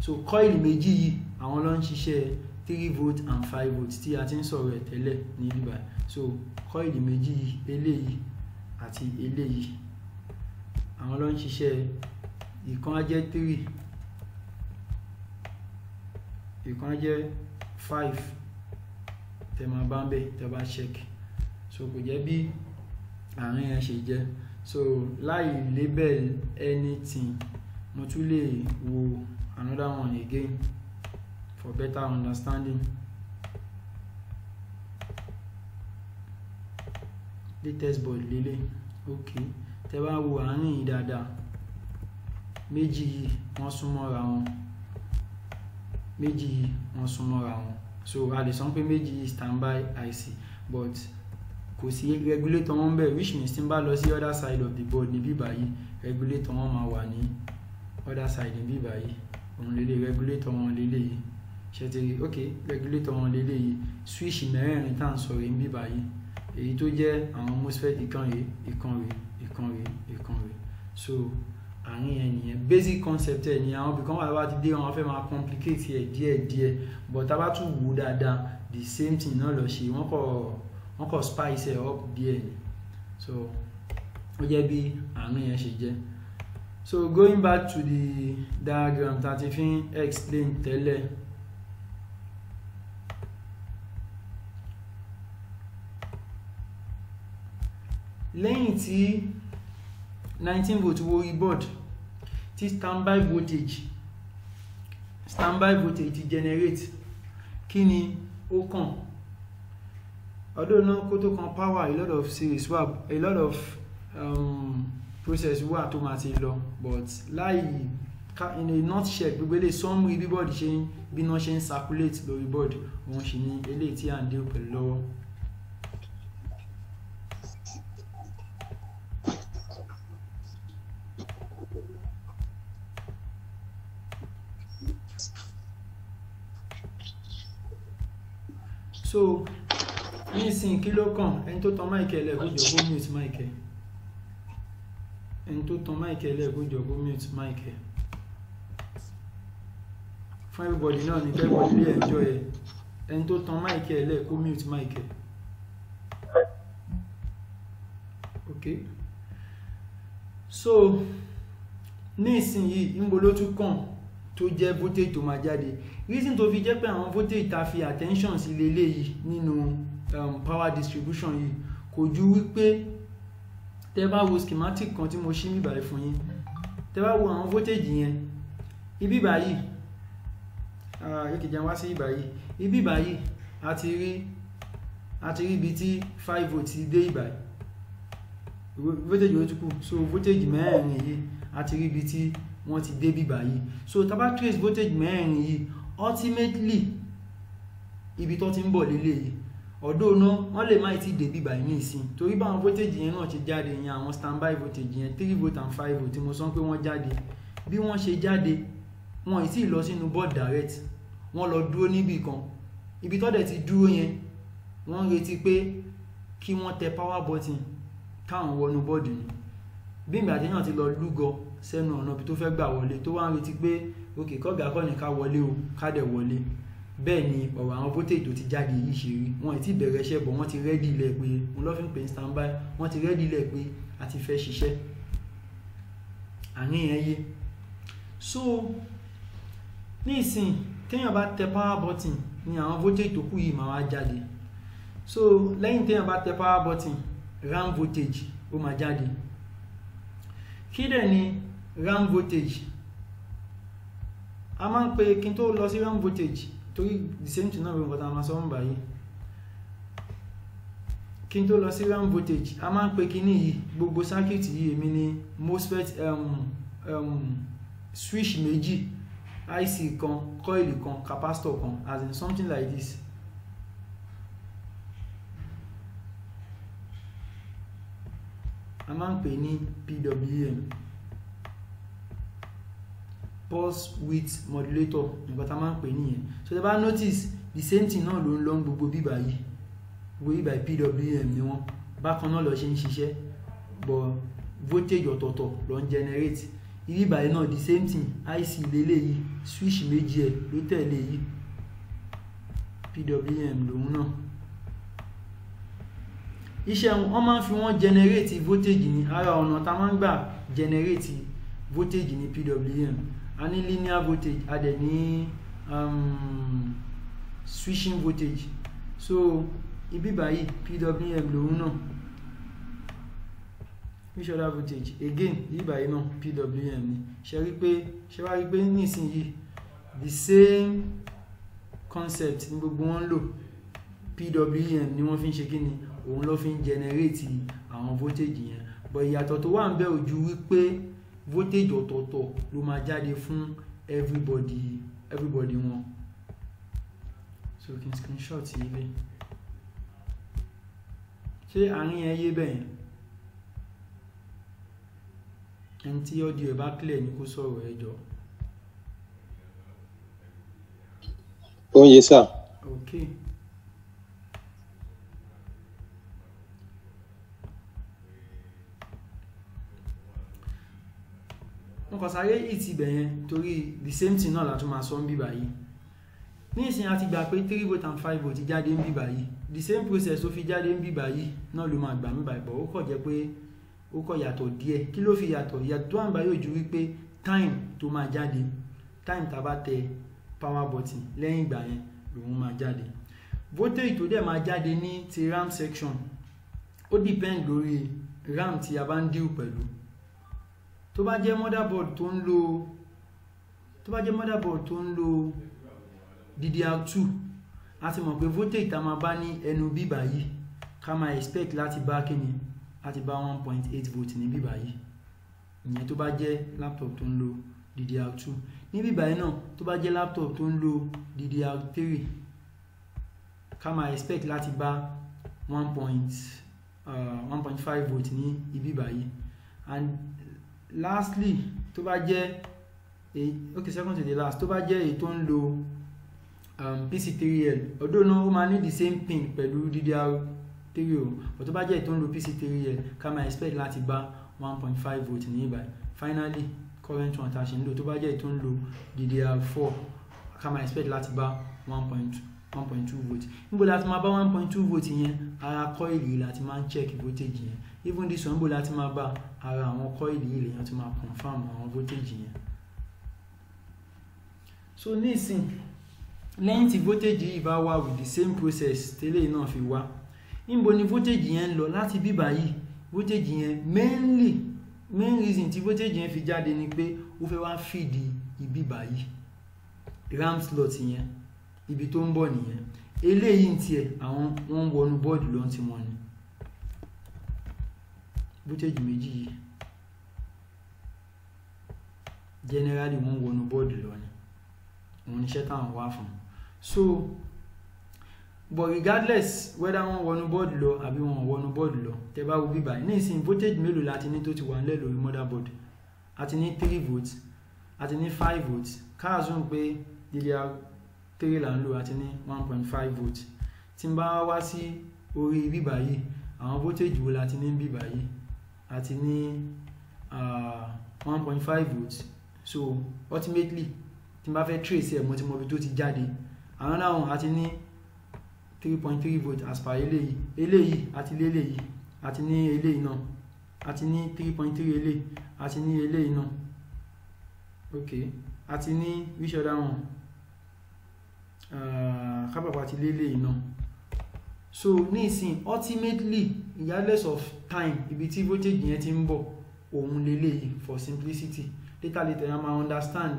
so coil méjì yìí àwọn ló ń ṣiṣẹ́ three volt and five volt tí a ti ń sọ̀rọ̀ ẹ̀ tẹ́lẹ̀ ní ibà so coil méjì yìí eléyìí àti eléyìí àwọn ló ń ṣiṣẹ́ ìkan á jẹ́ three ìkan á jẹ́ five tẹ máa bá ń bẹ̀ tẹ so kò jẹ́ bí àárín yẹn ṣe jẹ́ so láì label anything mo tún lè wo another one again for better understanding. latest board lélẹ̀ ok tẹ bá wo àárín yìí dáadáa méjì yìí wọ́n súnmọ́ra wọn méjì yìí wọ́n súnmọ́ra wọn so a lè sọ pé méjì standby IC but kò sí regulator wọn bẹ́ẹ̀ which means tí n bá lọ sí other side of the board níbí báyìí regulator wọn máa wà ní other side níbí báyìí òun lè lè regulator wọn lè lè yìí ṣètìrì ok regulator wọn lè lè yìí switch mẹ́rẹ̀ẹ̀rin tá à ń sọ̀rọ̀ níbí báyìí èyí tó jẹ́ àwọn MOSFET ìkan rèé ìkan rèé ìkan rèé ìkan rèé so àárín yẹn basic concept ẹ nìyẹn àwọn ibìkan wà lábá ti dé wọn fẹ́ máa complicate ẹ díẹ̀ díẹ̀ but tábà tún wò dáadáa the same thing náà lọ ṣe wọ́n kọ̀ wọ́n kọ̀ spice ẹ up díẹ̀ ni so ó jẹ́ bí àárín yẹn ṣe jẹ́ so going back to the diagram tá a ti fi ń explain tẹ́lẹ̀ lẹ́yìn tí nineteen volt wo e board tí standby voltage standby voltage ti generate kí ni ó kàn ọdún náà kó tó kan power a lot of series wà a lot of um, process wà tó máa ti lọ but láì in a nutshell gbogbo eléyìí summary bí bọ́ọ̀dì ṣe ń bí iná ṣe ń circulate lórí bọ́ọ̀dì òun sì ni eléyìí tí à ń dé pẹ̀lú lọ́wọ́. kí ló ẹni tó tan máìkì ẹlẹ́gùn go mute máìkì ẹni tó tan máìkì ẹlẹ́gùn go mute máìkì fún everybody náà ní kẹ́kọ̀ọ́ ilé ẹ̀jọ́ ẹ̀ ẹni tó tan máìkì ẹlẹ́gùn mute máìkì ok so ní ìsinyìí níbo ló tún kàn tó jẹ́ voltage tó máa jáde reason tó fi jẹ́ pé àwọn voltage ta fi attention sí leléyìí nínú. No um, power distribution yìí kò ju wípé tẹ́ bá wo schematic kan tí mo ṣí mi báyìí fún yín tẹ́ bá wo àwọn voltage yẹn ibi báyìí ìkìjà uh, wá sí ìbáyìí ibi báyìí a ti rí a ti rí ibi tí five volt ti dé ìbáyìí voltage yóò tún kù so voltage mẹ́rin yìí a ti rí ibi tí wọ́n ti dé bíbá so tá trace voltage mẹ́rin yìí ultimately ibi tó ti ń bọ̀ lélẹ̀ ọ̀dọ́ náà wọ́n lè má ti dèbí báyìí ní ìsìn torí báwọn voltage yẹn náà ṣe jáde yẹn àwọn standby voltage yẹn three volt and five volt mo sọ pé wọ́n jáde bí wọ́n ṣe jáde wọn ì tí ì lọ sínú board direct wọ́n lọ dúró níbì kan ibi tọ́dẹ̀ ti dúró yẹn wọ́n ń retí pé kí wọ́n tẹ power button káwọn wọnú bọ́ọ̀dù ni bí ìgbà tí náà ti lọ lúgọ sẹ́nu ọ̀nà ibi tó fẹ́ gbà wọlé tó wá ń retí pé òkè kọ́gà kọ́ni ká wọlé o ká dẹ̀ wọlé bẹ́ẹ̀ ni ọ̀rọ̀ àwọn voltage tó ti jáde yìí ṣe rí wọn ti bẹ̀rẹ̀ iṣẹ́ bọ̀ wọ́n ti rẹ́dí ilẹ̀ pé wọn lọ́ fi ń pè ní standby wọ́n ti rẹ́dí ilẹ̀ pé a ti fẹ́ ṣiṣẹ́ àárín yẹn so ní ìsìn téèyàn bá tẹ power button ni àwọn voltage tó kù yìí máa wá jáde so lẹ́yìn téèyàn bá tẹ power button ram voltage ó máa jáde kí dẹ̀ ni ram voltage a máa ń pe kí n tó lọ sí ram voltage torí the same thing náà ló ń kọta àwọn sọ́run báyìí kí n tó lọ sí round voltage a máa ń pe kinní yìí gbogbo circuit yìí èmi ni MOSFET um, um, switch méjì IC kan coil kan capacitor kan as in something like this. a máa ń pè ní PWM pulse width modulator nǹkan tá a máa ń pè nìyẹn so tí a bá notice the same thing náà ló ń lọ gbogbo bíbà yìí gbogbo bíbà pwm ni wọ́n bákan náà lọ ṣe ń ṣiṣẹ́ but voltage ọ̀tọ̀ọ̀tọ̀ ló ń generate ibi ìbàyẹn náà the same thing ic lélẹ́yìí switch méjì ẹ̀ ló tẹ̀lé yìí pwm lòun náà iṣẹ́ wọn máa ń fi wọ́n generate voltage ní ara ọ̀nà tá a máa ń gbà generate voltage ní pwm Ani linear voltage a dẹ̀ ní um, switching voltage so ibi báyìí pwm lòun náà which other voltage again ibi báyìí náà pwm ni ṣe rí pé ṣe wá rí pé nísìnyí the same concept ní gbogbo wọn ń pwm ni wọ́n fi ń ṣe kí ni òun ló fi ń generate àwọn voltage yẹn but ìyàtọ̀ tó wà ń bẹ ojú wípé voltage ọ̀tọ̀ọ̀tọ̀ ló máa jáde fún everybody everybody wọn so kí n screenshot ilé ṣé àárín ẹ yé bẹ́ẹ̀ ẹni tí audio ẹ̀ bá clear ni kó sọ̀rọ̀ ẹ jọ. ó ń yé sáà. okay. mo kàn sáré ìtì ibẹ̀ torí the same thing náà la tún máa sọ ń bí báyìí ní ìsìn àti gbà pé three vote and five vote jáde ń bí báyìí the same process tó fi jáde ń bí báyìí náà ló máa gbà mí báyìí bọ̀ ó kọ̀ jẹ́ yàtọ̀ díẹ̀ kí ló fi yàtọ̀ yàtọ̀ tó àǹbá yóò ju wípé time tó máa jáde time tá a bá tẹ power button lẹ́yìn ìgbà yẹn lòun máa jáde voltage tó dẹ̀ máa jáde ní ti ram section ó depend lórí ram tí a bá ń deal pẹ̀lú tó bá jẹ́ motherboard tó ń lo tó bá jẹ́ motherboard tó ń lo DDR2 a ti mọ̀ pé voltage tá máa bá ní ẹnu bíbà yìí ká máa expect láti bá kíni láti bá 1.8 volt ní bíbà yìí ìyẹn tó bá jẹ́ laptop tó ń lo DDR2 ní bíbà yìí náà tó bá jẹ́ laptop tó ń lo DDR3 ká máa expect láti bá 1.5 uh, volt ní ibíbà yìí and lastly tó bá jẹ́ ok second to the last tó bá jẹ́ èyí tó ń lo um, pc3l ọdún náà ó máa ní the same pin pẹ̀lú ddr three o but tó bá jẹ́ èyí tó ń lo pc3l ká máa expect láti bá one point five volt ní ìbàdàn finally current one tá a ṣe ń lò tó bá jẹ́ èyí tó ń lo ddr four ká máa expect láti bá one point one point two volt níbo la ti máa bá one point two volt yẹn ara kọ́ ìlú la ti máa check voltage yẹn even this one níbo la ti máa bá ara àwọn kọ́ìlì yìí lèyàn ti máa confam àwọn voltage yẹn so nísìn lẹ́yìn tí voltage yìí bá wá with the same process tẹ́lẹ̀ náà fi wá níbo ni voltage yẹn ń lọ láti bíbá yìí voltage yẹn mainly main reason tí voltage yẹn fi jáde ni pé ó fẹ́ wá fìdí ibíbá yìí ram slot yẹn ibi tó ń bọ̀ nìyẹn eléyìí tiẹ̀ àwọn wọ́n ń wọnú bọ́ọ̀dù lọ́n ti wọn ni voltage méjì yìí generally wọ́n wọnú bọ́ọ̀dù lọ ni òun níṣẹ́ táwọn wá fún so but regardless whether wọ́n wọnú bọ́ọ̀dù lọ àbí wọ́n wọnú bọ́ọ̀dù lọ tẹ́ bá wo bíbá ní ìsìn voltage mélòó láti ní tó ti wà nílẹ̀ lórí motherboard àti ní three volts àti ní five volts káàzùn pé DDR three là ń lò àti ní one point five volts tí n bá wá sí orí bíbá àwọn voltage wo láti ní bíbá yìí àti ní one point five volts so ultimately tí n bá fẹ́ trace ẹ̀ mo ti mọ ibi tó ti jáde àwọn náà àti ní three point three volt as per eléyìí eléyìí àti léléyìí àti ní eléyìí náà àti ní three point three eléyìí àti ní eléyìí náà ok àti ní which other one kábàbà àti léléyìí náà so nísìn ultimately regardless of time ibi tí voltage yẹn ti ń bọ̀ òun leléyìí for simplicity later later a máa understand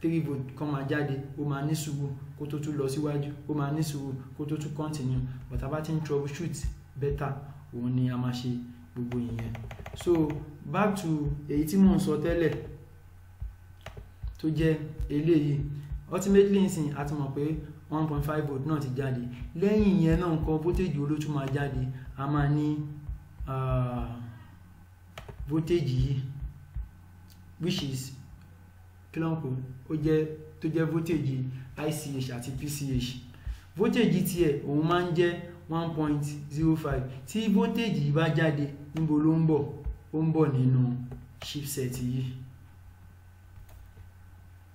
three volt kan máa jáde ó máa ní sùúrù kó tó tún lọ síwájú ó máa ní sùúrù kó tó tún continue but a bá ti ń troubleshoot better òun ni a máa ṣe gbogbo ìyẹn so back to èyí tí mò ń sọ tẹ́lẹ̀ tó jẹ́ eléyìí ultimately nsìn a ti mọ̀ pé one point five volt náà ti jáde lẹ́yìn yẹn náà nǹkan voltage olótú máa jáde a máa ní voltage yìí which is kí ló ń pò ó tó jẹ́ voltage ICH àti PCH voltage tiẹ̀ òun máa ń jẹ́ one point zero five tí voltage yìí bá jáde níbo ló ń bọ̀ ó ń bọ̀ nínú chipset yìí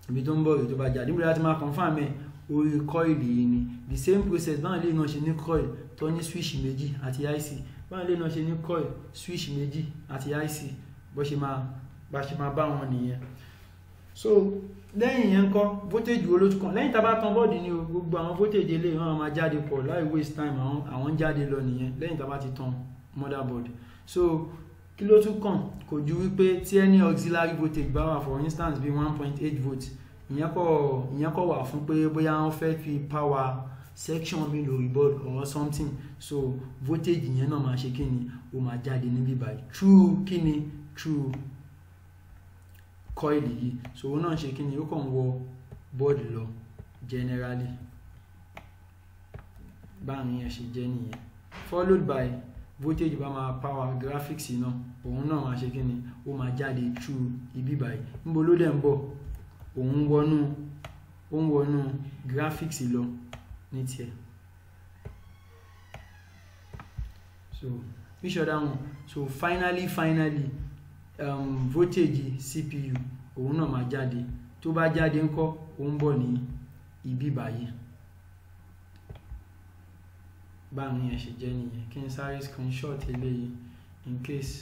ibi tó ń bọ̀ rèé tó bá jáde níbo láti máa confirm ẹ̀ orí coil yìí ni the same process báwọn lè náà ṣe ní coil tó ní switch méjì àti IC báwọn lè náà ṣe ní coil switch méjì àti IC bó ṣe máa bá ṣe máa bá wọn nìyẹn so lẹ́yìn yẹn kọ́ voltage wo ló tún kàn lẹ́yìn tá a bá tan bọ́ọ̀dì ni gbogbo àwọn voltage eléyìí wọn máa jáde pọ̀ láì waste time àwọn àwọn ń jáde lọ nìyẹn lẹ́yìn tá a bá ti tan motherboard so kí ló tún kàn kò ju wípé tí any auxiliary voltage bá wà for instance bí one point eight volts ìyẹn kọ ìyẹn kọ wà fún pé bóyá wọ́n fẹ́ fi power section mi lórí board or something so voltage yẹn náà máa ṣe kí ni ó máa jáde níbí báyìí true kí ni true coil yìí so òun náà ṣe kí ni ó kàn wọ board lọ generally báàrin yẹn ṣe jẹ́ nìyẹn followed by voltage bá máa power graphics náà òun náà máa ṣe kí ni ó máa jáde true ibi báyìí níbo ló dẹ̀ ń bọ̀ òun wọnú òun wọnú graphics lọ ní tiẹ̀ so which other one so finally finally um, voltage CPU òun náà máa jáde tó bá jáde ńkọ́ ó ń bọ̀ ní ibi báyìí báwọn yẹn ṣe jẹ́ nìyẹn kí n sáré screenshot eléyìí in case.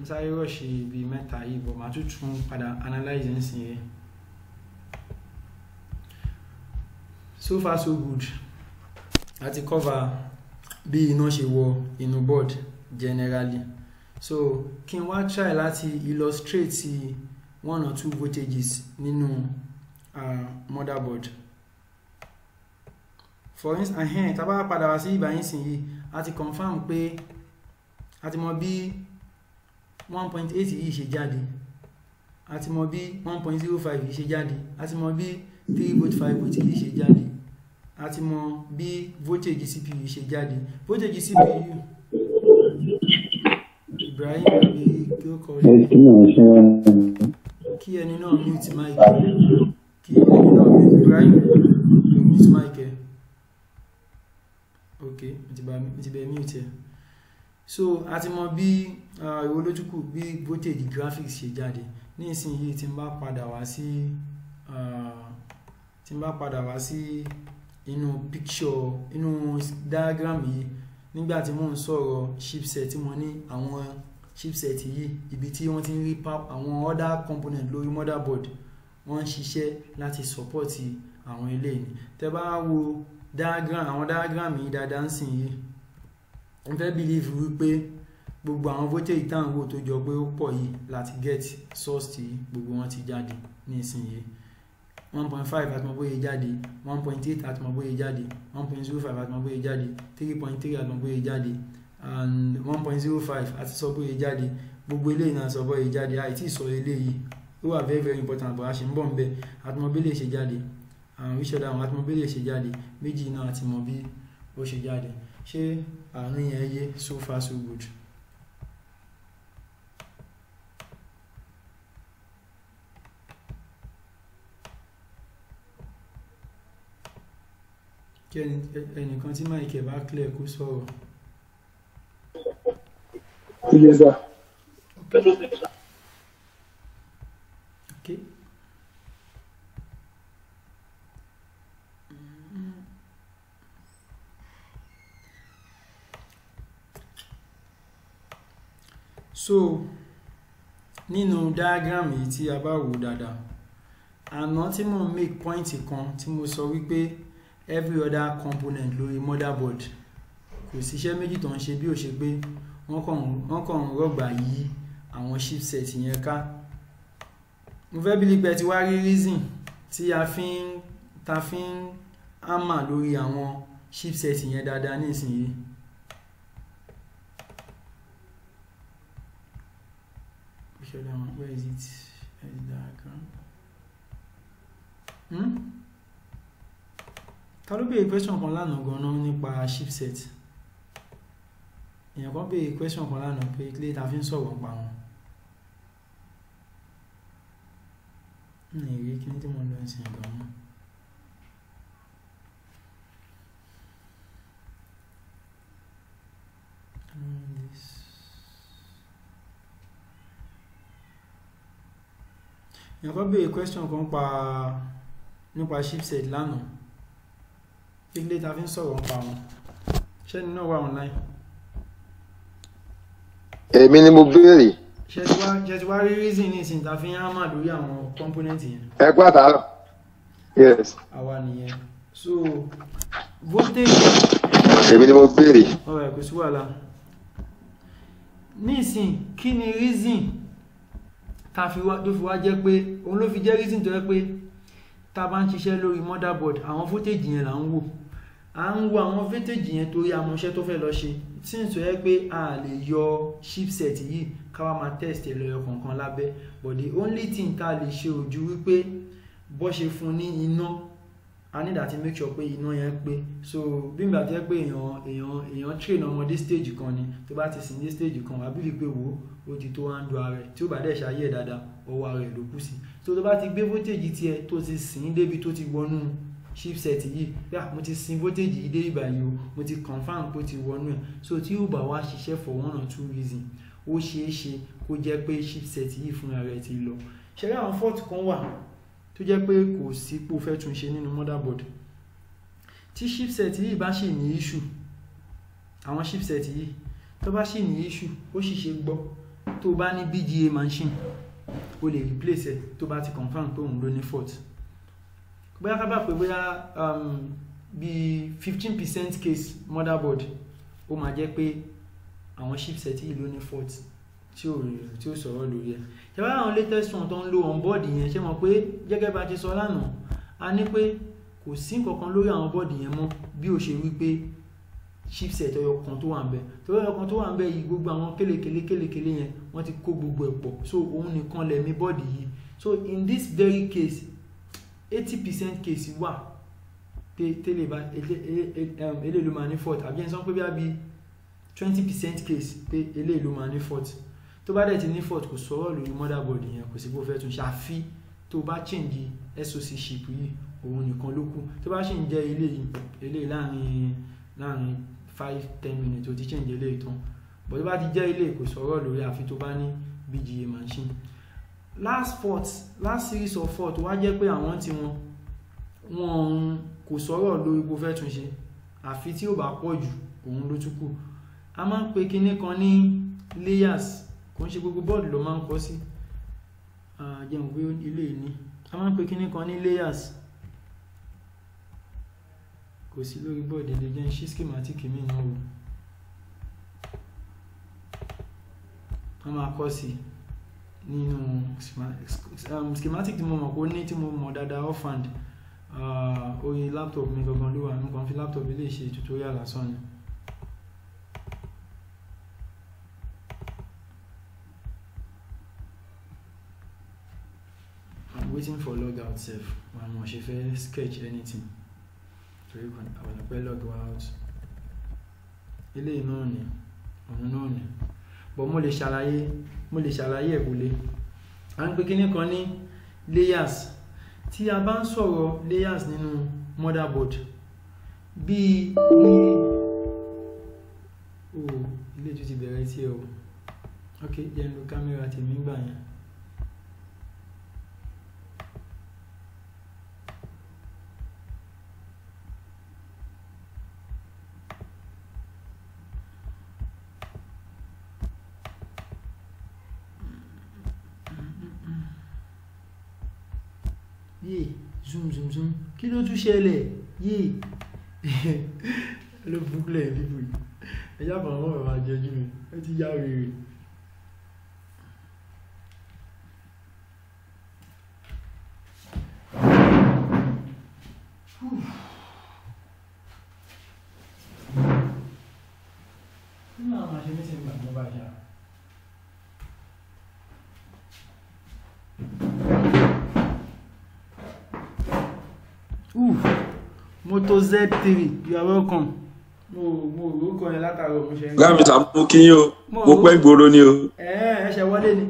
n rọ̀ṣì bíi mẹ́ta yìí bọ̀ màá tútù padà analyze nsìn so far so good láti cover bí iná ṣe wọ inú board generally so kí n wá try láti illustrate one or two voltages nínú uh, motherboard for instance tá a bá padà wá sí ìgbà sìn yìí a ti confirm pé a ti mọ bí one point eight yìí ṣe jáde a ti mọ bí one point zero five yìí ṣe jáde a mọ bí three yìí ṣe jáde a mọ bí voltage cpu yìí ṣe jáde voltage cpu Ibrahim àbí kí ó kọ rí kí ẹni náà mute mic kí ẹni náà mute Ibrahim you mute mic ẹ ok mo ti bẹ mute ẹ so a ti mọ bí ìwé olójúkù bí voltage graphics ṣe jáde ní ìsinyìí tí n bá padà wá sí tí bá padà wá sí inú picture inú diagram yìí nígbà tí mò ń sọ̀rọ̀ chipset tí mo ní àwọn chipset yìí ibi tí wọ́n ti ń rí àwọn other component lórí motherboard wọ́n ń ṣiṣẹ́ láti support àwọn eléyìí tẹ́ bá wo diagram àwọn diagram yìí dáadáa ń sìn yìí n fẹ́ bìlíìfù wípé gbogbo àwọn voltage tá à ń wò tó jọ pé ó pọ̀ yìí láti get source tí gbogbo wọn ti jáde nísìnyìí one point five àti mọ bóyá jáde one point eight àti mọ bóyá jáde one point zero five àti mọ jáde three point three àti jáde and one point zero five àti sọ bóyá jáde gbogbo eléyìí náà sọ bóyá jáde àìtí sọ eléyìí ó wà very very important bó a ṣe ń bọ̀ ń bẹ àti mọ bí lè ṣe jáde àwọn ìṣẹ̀dá àwọn àti mọ bí lè ṣe jáde méjì náà àti ó ṣe jáde ṣé àárín yẹn yé so far so good. kí ẹnìkan tí máa ìkẹ̀ bá clear kó sọ̀rọ̀. Ilé ẹ̀dá. so nínú diagram yìí tí a bá wò dáadáa àná tí mo make point kan tí mo sọ wípé every other component lórí motherboard kò síṣẹ́ méjì tó ń ṣe bí ó ṣe pé wọ́n kàn ń rọ̀gbà yí àwọn chipset yẹn ká mo fẹ́ bíi pé ti wá rí reason tí a fi ń ta fi ń hámà lórí àwọn chipset yẹn dáadáa nísìnyí show Where is it? Where is diagram? Hmm? Ta ló béèrè question kan lánàá gan-an nípa chipset? Èèyàn kan béèrè question kan lánàá pé ilé ta fi ń sọ̀rọ̀ pa wọn. Ní ìrí kí ní tí mo lọ sí ìgbà wọn. This. nǹkan béèrè question kan pa nípa chipset lánàá ilé ta fi ń sọ̀rọ̀ nípa wọn ṣẹ́ni náà wà online. èmi ni mo béèrè. ṣe ti wá rí reason ní ìsìn ta fi ń hámà lórí àwọn component yẹn. ẹ kú àtàárọ̀. yes. àwa nìyẹn so voltage. èmi ni mo béèrè. ọ̀rọ̀ ẹ̀ kò sí wàhálà nísìn kí ni reason tá fi wá tó fi wá jẹ́ pé òun ló fi jẹ́ reason tó yẹ pé tá a bá ń ṣiṣẹ́ lórí motherboard àwọn footage yẹn là ń wò à ń wo àwọn footage yẹn torí amọ̀ṣẹ́ tó fẹ́ lọ ṣe since tó yẹ pé a lè yọ chipset yìí ká wá máa test ẹ̀ lọ́yọ̀ kọ̀ọ̀kan lábẹ́ but the only thing ta a lè ṣe ojú wípé bó ṣe fún ní iná a need àti make sure pé iná yẹn pé so bí n bá jẹ́ pé èèyàn èèyàn èèyàn train ọmọ dé stage kan ni tó bá ti sìn dé stage kan wàá bìlì pé wò ó ti tó handle ara ẹ̀ tí ó bá dẹ̀ ṣayé ẹ̀ dáadáa ọwọ́ ara ẹ̀ ló kù sí so tó bá ti gbé voltage tiẹ̀ tó ti sìn débi tó ti wọnú chipset yìí yà mo ti sin voltage yìí dé ibà yìí o mo ti confirm pé ó ti wọnú ẹ̀ so tí ó bá wá ṣiṣẹ́ for one or two reasons ó ṣeé ṣe kó jẹ́ pé chipset yìí fúnra rẹ̀ ti lọ ṣẹ́rí àwọn fault kan wà tó jẹ́ pé kò sí pò fẹ́ tún ṣe nínú motherboard tí chipset yìí bá sì ní issue àwọn chipset yìí tó bá sì ní issue ó sì ṣe gbọ́ tó bá ní BGA machine o lè replace ẹ̀ tó bá ti confirm pé òun ló ní fault bóyá ká bá pé bóyá um, bí fifteen percent case motherboard ó máa jẹ́ pé àwọn chipset yìí ló ní fault tí ò tí ò sọ̀rọ̀ lórí ẹ̀ ṣe bá àwọn latest one tó ń lo onboard yẹn ṣe mọ̀ pé gẹ́gẹ́ bá ti sọ lánàá a ní pé kò sí nǹkan kan lórí àwọn board yẹn mọ́ bí ó ṣe wí pé chipset ọyọ tó wà ń bẹ torí tó wà ń bẹ yìí gbogbo àwọn kélekele kélekele yẹn wọ́n ti kó gbogbo ẹ̀ pọ̀ so òun nìkan lẹ̀mí bọ́ọ̀dì yìí so in this very case eighty percent case wà pé tẹ́lẹ̀ bá eléèlú um, máa ní fault àbí ẹni sọ pé bí i twenty percent case pé eléèlú máa ní fault tó bá dẹ̀ ti ní fault kò sọ̀rọ̀ lórí motherboard yẹn kò sí bó fẹ́ tún ṣàfi tó bá change the soc chip yìí òun nìkan ló kù tó bá ṣì ń jẹ́ ilé ilé láàrin láàrin five ten minutes ó ti change ilé ìtàn bó tó bá ti jẹ́ ilé kò sọ̀rọ̀ lórí àfi tó bá ní BGA machine last fault last series of fault wá jẹ́ pé àwọn tí wọn wọn kò sọ̀rọ̀ lórí bó fẹ́ túnṣe àfi tí ó bá pọ̀ jù òun ló tún kù a máa ń pe kinní kan ní layers kò ń ṣe gbogbo bọ́ọ̀lù ló máa ń kọ́ sí jẹun ilé ní a máa ń pe kíní kan ní layers kò sí lórí bọ́ọ̀dì lè jẹ́ ṣí schematic mi náà o wọ́n máa kọ́ sí nínú um, schematic tí mo mọ̀ kó ní tí mo mọ̀ dáadáa offhand ah, orí laptop mi gangan ló wà mo fi laptop ilé ṣe tutorial lásán waiting for log out sef wọn àmọ́ ṣe fẹ́ sketch anything torí kan àwọn ọ̀pẹ log out eléyìí náà ni òun náà ni but mo lè ṣàlàyé mo lè ṣàlàyé ẹ̀kúlé à ń pe kíní kan ní layers tí a bá ń sọ̀rọ̀ layers nínú motherboard bíi ní o Ile ìtú ti bẹ̀rẹ̀ tí o ok yẹn lo kámẹ́rà tèmi ń gbà ló tún ṣẹlẹ̀ yìí ló búkúlẹ̀ bíbù yìí ẹ̀yà bàbá bàbá jẹ́jú mi ẹ ti yá wèrè. Moto Z3 you are welcome. mo mo orúkọ yẹn látàrí òun ṣe. gbàmí sàmú kí yín o mo pẹ́ gbòòrò ni o. ẹ ẹ ṣe wọlé ni.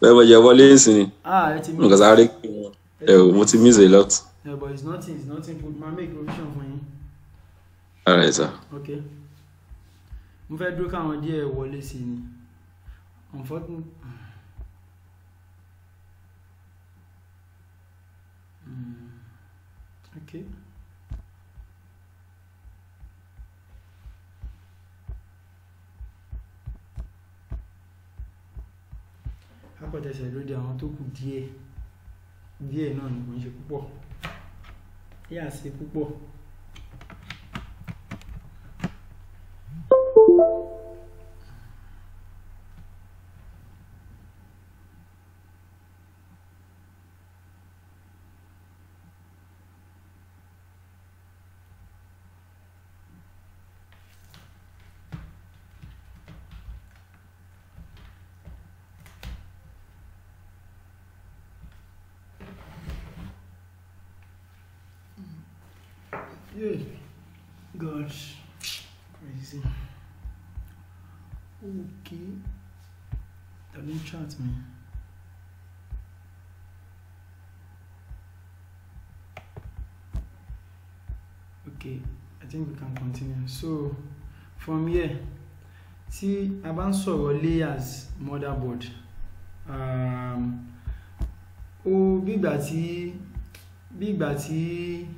bẹ́ẹ̀ bọ̀ yẹ wọlé ń sìn ni. ah ẹ ti mí. nǹkan sáré kí wọn ẹ mo ti miss a lot. ẹ yeah, but it's nothing it's nothing but ma make provision fún yín. all sir. okay mo fẹ́ dúró káwọn díẹ̀ wọlé sí ni unfortunately. Hmm. Okay. kọ̀tẹsẹ̀ lóde àwọn tó kù díẹ̀ díẹ̀ náà ni kò ń ṣe púpọ̀ yíyà ṣe púpọ̀. Yeah, God. crazy. Okay. That won't chat me. Okay, I think we can continue. So, from here, see, a bá ń sọ̀rọ̀ layers motherboard um, oh, big ìgbà big bí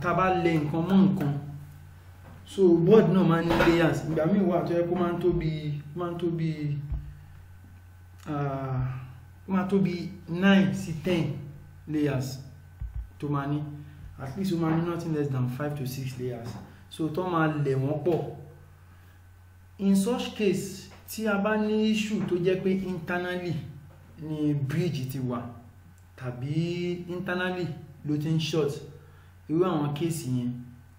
tá a bá lẹ nǹkan mọ́ nǹkan so board náà máa ní layers ìgbà míì wà tó yẹ kó máa ń tóbi máa ń tóbi ó máa tóbi nine sí ten layers tó máa ní at least ó máa ní nothing less than five to six layers so tó máa lẹ̀ wọ́n pọ̀ in such case tí a bá ní issue tó jẹ́ pé internally ni bridge ti wà tàbí internally ló ti ń short irú àwọn kéèsì yẹn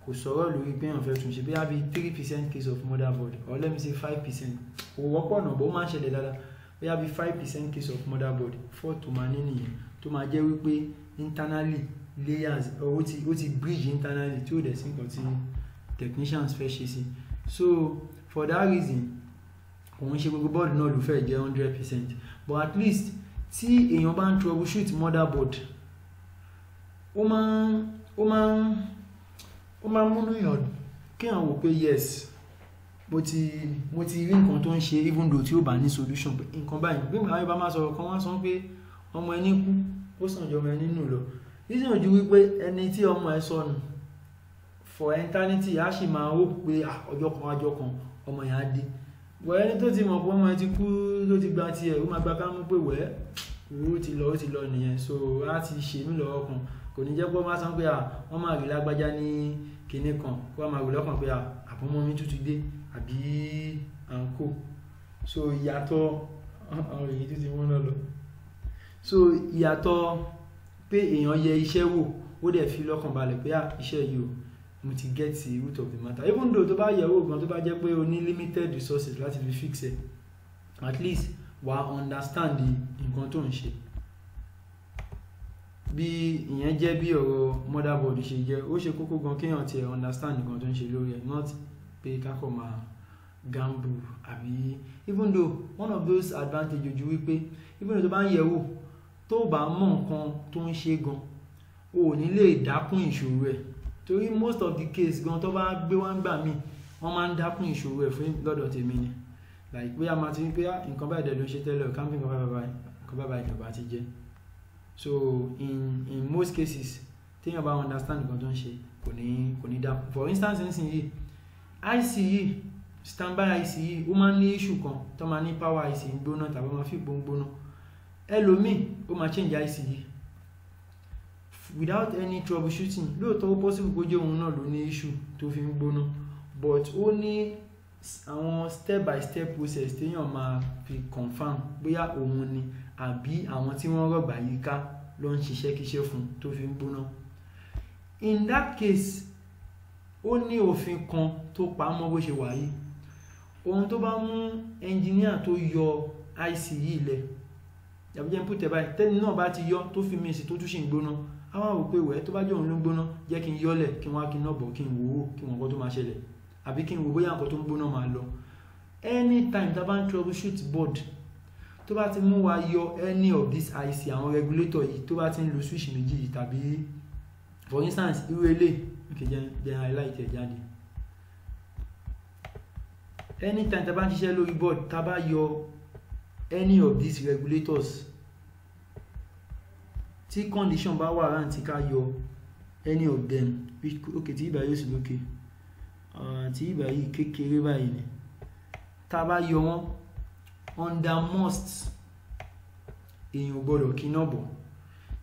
kò sọ̀rọ̀ lórí pé èèyàn fẹ́ tún ṣe bí i three percent case of motherboard or let me say five percent kò wọ́pọ̀ náà bó máa ń ṣẹlẹ̀ dáadáa bí i five percent case of motherboard four tó máa ní nìyẹn tó máa jẹ́ wípé internally layers ó ti ó ti bridge internally tí ó dẹ̀ sí nǹkan tí technicians fẹ́ ṣe sí so for that reason òun ṣe gbogbo bọ́ọ̀dù náà ló fẹ́ jẹ́ hundred percent but at least tí èèyàn bá ń troubleshoot motherboard ó máa ń ó máa ń ó máa ń múnú èèyàn kí àwọn wò pé yes mo ti mo ti rí nǹkan tó ń ṣe even though tí ó bá ní solution pé nǹkan báyìí bí àwọn ìbá máa sọ̀rọ̀ kan wá sọ pé ọmọ ẹni kú ó sàn ju ọmọ ẹni nù lọ reason ju wípé ẹni tí ọmọ ẹ sọnù for eternity a sì máa hope pé ah, ọjọ́ kan ọjọ́ kan ọmọ yẹn á dé wọ ẹni tó ti mọ̀ pé ọmọ ẹ ti kú tó ti gba tiẹ̀ ó máa gba ká mú pé wẹ́ẹ́ ó ti lọ ó ti lọ nìyẹn so a ti ṣe mí lọ́wọ́ kan kò ní jẹ́ pé wọ́n sán pé à wọ́n máa rí lágbájá ní kinní kan kó wọ́n máa rí lọ́kàn pé à àpọ́nmọ́ mi tútù dé àbí à ń kó so ìyàtọ̀ àwọn èyí títí wọ́n náà lọ so ìyàtọ̀ pé èèyàn yẹ iṣẹ́ wò ó dẹ̀ fi lọ́kàn balẹ̀ pé à iṣẹ́ yìí o mo ti get the root of the matter even though tó bá yẹ̀wò gan tó bá jẹ́ pé o ní limited resources láti fi fix ẹ̀ at least wàá understand nǹkan tó ń ṣe bí ìyẹn jẹ́ bí ọ̀rọ̀ motherboard ṣe jẹ́ ó ṣe kókó gan kéèyàn tiẹ̀ understand nǹkan tó ń ṣe lórí ẹ̀ not pé kákọ̀ máa gamble àbí even though one of those advantage ojú wípé even though tó bá ń yẹ̀wò tó bá mọ̀ nǹkan tó ń ṣe gan o ò ní lè dákún ìṣòro ẹ̀ torí most of the case gan tó bá gbé wá ń gbà míì wọ́n máa ń dákún ìṣòro ẹ̀ fún lọ́dọ̀ tèmi ni like pé a máa ti ń pé ah, nǹkan báyìí dẹ̀ ló ń ṣe tẹ́lẹ̀ o kámpìn kan báyìí nǹkan báyìí ìjọba ti jẹ́ so in in most cases thing about understand nǹkan tó ń ṣe kò ní kò ní dá for instance nísìnyí ICE standby ICE ó máa ń ní issue kan tó máa ní power ICE ń gbóná tàbí ó máa fi gbóngbóná ẹlòmíì ó máa change ICE without any troubleshooting lóòótọ́ ó possible kó jẹ́ òun náà ló ní issue tó fi ń gbóná but ó ní àwọn step by step process téèyàn máa fi confirm bóyá òun ni àbí àwọn tí wọ́n rọ̀gbà yí ká ló ń ṣiṣẹ́ kíṣẹ́ fún tó fi ń gbóná in that case ó ní òfin kan tó pa á mọ́ bó ṣe wà yìí ohun tó bá mú ẹnjìníà tó yọ ic yìí lẹ̀ yàbíjẹ́ ń pùtẹ̀ báyìí tẹ́ni náà bá ti yọ tó fi mí sí tó tún ṣì ń gbóná a wá wò pé wẹ́ tó bá jẹ́ òun ló ń gbóná jẹ́ kí n yọ́lẹ̀ kí wọ́n á kí n náà bọ̀ kí n wò ó kí wọ́n kọ́ tó máa ṣẹlẹ̀ àbí kí n wò bóyá nǹkan tó ń gbóná máa lọ anytime tá a bá ń troubleshoot board tó bá ti mú wa yọ any of these IC àwọn regulator yìí tó bá ti ń lo switch méjì yìí tàbí for instance irú eléyìí okay jẹ́ jẹ́ highlight ẹ̀ jáde anytime tá a bá ń ṣiṣẹ́ lórí board tá a bá yọ any of these regulators tí condition bá wà rántí ká yọ any of them okay tí ìbá yóò sì lókè ah, tí ìbá yìí kékeré báyìí ni tá a bá yọ wọ́n under must èèyàn ò gbọ́dọ̀ kíná bọ̀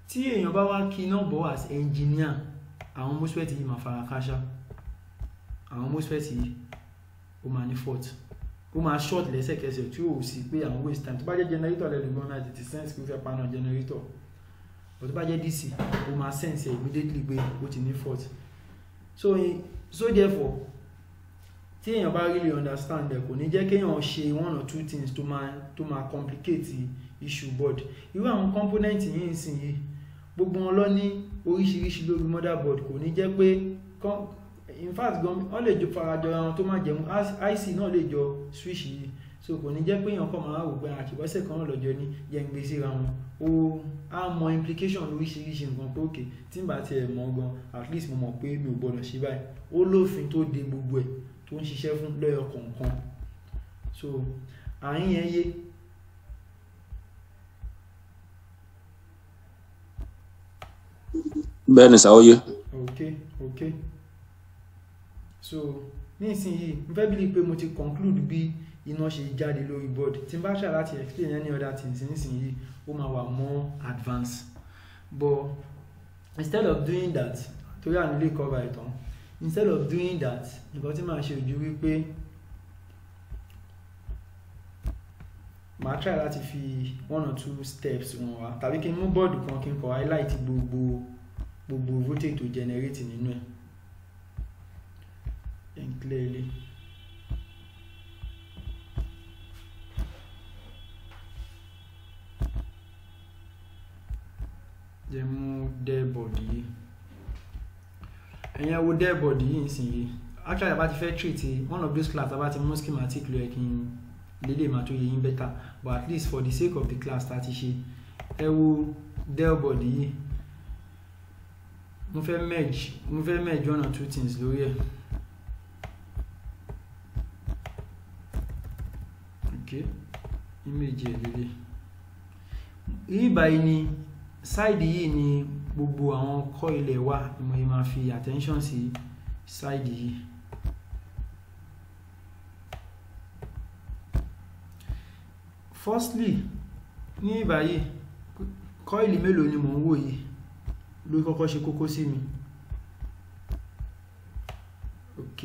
tí èèyàn bá wá kíná bọ̀ as engineer àwọn mọ́sífẹ́tì yìí máa fara káṣá àwọn mọ́sífẹ́tì yìí ó máa ní fault ó máa short lẹ́sẹ̀kẹsẹ̀ tí ó sì pé àwọn waste time tó bá jẹ́ generator lẹ́lẹ́gbọ́n náà ti ti sense pé ó fẹ́ paná generator but tó bá jẹ́ dc ó máa sense immediately pé ó ti ní fault so so therefore tí èèyàn bá really understand ẹ̀ kò ní jẹ́ kéèyàn ṣe one or two things tó máa tó máa complicate issue board irú àwọn component yìí ń sìn yìí gbogbo wọn lọ ní oríṣiríṣi lórí motherboard kò ní jẹ́ pé in fact gan wọ́n lè jọ farajọ ẹran tó máa jẹun IC náà lè jọ switch yìí so kò ní jẹ́ pé èèyàn kàn máa wò pé àṣìwọ́sẹ̀ kan lọ́jọ́ ní jẹ́ǹgbé síra wọn ó á mọ implication lóríṣiríṣi nǹkan pé òkè tí n bá tiẹ̀ mọ̀ gan at least mo mọ̀ pé mi ò gbọ́dọ̀ ṣe báyìí ó lófin tó de gbogbo ẹ̀ tó ń ṣiṣẹ́ fún lẹ́yọ kọ̀ọ̀kan so àárín yẹn yé bẹ́ẹ̀ ni sàóyé ok ok so nísìnyí n fẹ́ bíi pé mo ti conclude bí iná ṣe jáde lórí board tí n bá ṣà láti explain any other things nísìnyí ó máa wà more advanced but instead of doing that torí à ń lè cover ìtàn instead of doing that nǹkan tí màá ṣe ojú wípé màá try láti fi one or two steps wọn wá tàbí kí n mú bọ́ọ̀dù kan kí n kọ́ highlight gbogbo gbogbo voltage to generate nínú ẹ̀ and clearly. jẹ́ mú dẹ́ bọ̀dì yìí ẹ̀yẹn wo dead body yìí nísìnyí actually abá ti fẹ́ treat e, one of those class abá ti mú schematic lọ yẹ kí n lélẹ̀ máa tó yẹ better but at least for the sake of the class tá a ti ṣe ẹ wo dead body yìí mo fẹ́ merge mo fẹ́ merge one or two things lórí ẹ̀ okay image ẹ̀ lélẹ̀ yìí báyìí ni side yìí ni gbogbo àwọn kọ́ ilẹ̀ wa ni mo máa fi attention sí side yìí firstly ní ìbáyìí kọ́ìlì mélòó ni mò ń wò yìí ló kọ́kọ́ ṣe kókó sí mi ok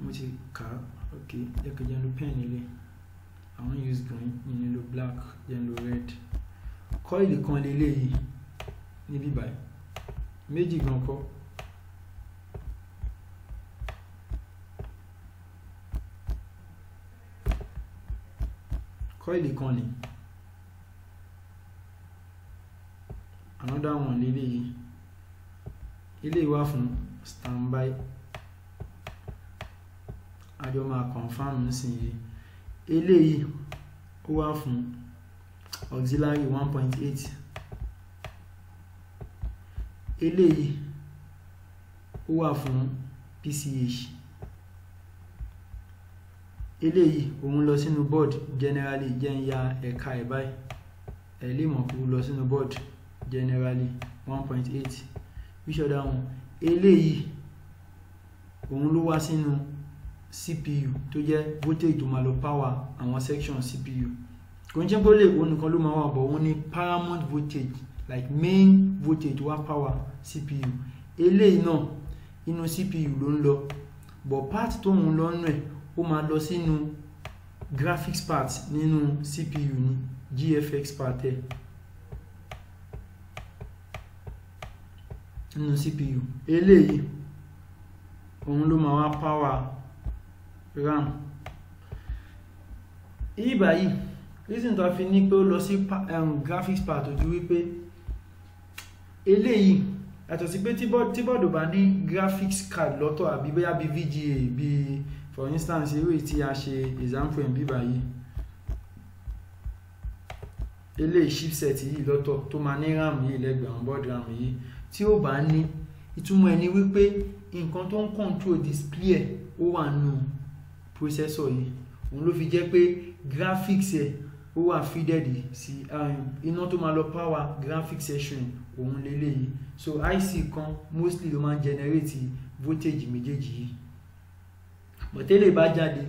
mo ti kà á ok jẹ́kẹ̀jẹ́ lo pen nílé i wan use green nínú lo black then lo red kọ́ìlì kan lélẹ́yìí níbí báyìí méjì gan kọ́ kọ́ìlì kan ni another one lélẹ́yìí eléyìí wa fún standby àjọ máa confam nísìnyí eléyìí ó wa fún auxiliary one point eight eléyìí ó wà fún pch eléyìí òun lọ sínú board generally jẹ́ ń ya ẹ̀ka ẹ̀ báyìí ẹ̀ lè mọ̀ kó lọ sínú board generally 1.8. point eight which other one eléyìí òun ló wá sínú cpu tó jẹ́ voltage tó máa lọ power àwọn section cpu kò ń jẹ́ pé ó lè wo nìkan ló máa wà bọ̀ òun ní paramount voltage like main voltage wá power CPU eléyìí náà inú CPU ló ń lọ but part tó ń lọ nù ẹ̀ ó máa lọ sínú graphics part nínú CPU ní GFX part ẹ̀ nínú CPU eléyìí òun ló máa wá power RAM ìbáyìí reason tó fi ní pé ó lọ sí um, graphics part ojú wípé eléyìí yàtọ̀ sí pé tí bọ́ọ̀dù bá ní graphics card lọ́tọ̀ àbí bóyá bí VGA bí for instance irú tí a ṣe example ẹ̀ ń bíbá yìí eléyìí chipset yìí lọ́tọ̀ tó máa ní ram yìí lẹ́gbẹ̀rún board ram yìí tí ó bá ní ìtumọ̀ ẹni wípé nǹkan tó ń control display ẹ̀ ó wà nù processor yìí òun ló fi jẹ́ pé graphics ẹ̀ ó wà fitted sí um, iná tó máa lọ power graphics ẹ̀ ṣùgbọ́n òun leléyìí so IC kan mostly ló máa ń generate voltage méjèèjì yìí bọ̀tẹ́lẹ̀ bá jáde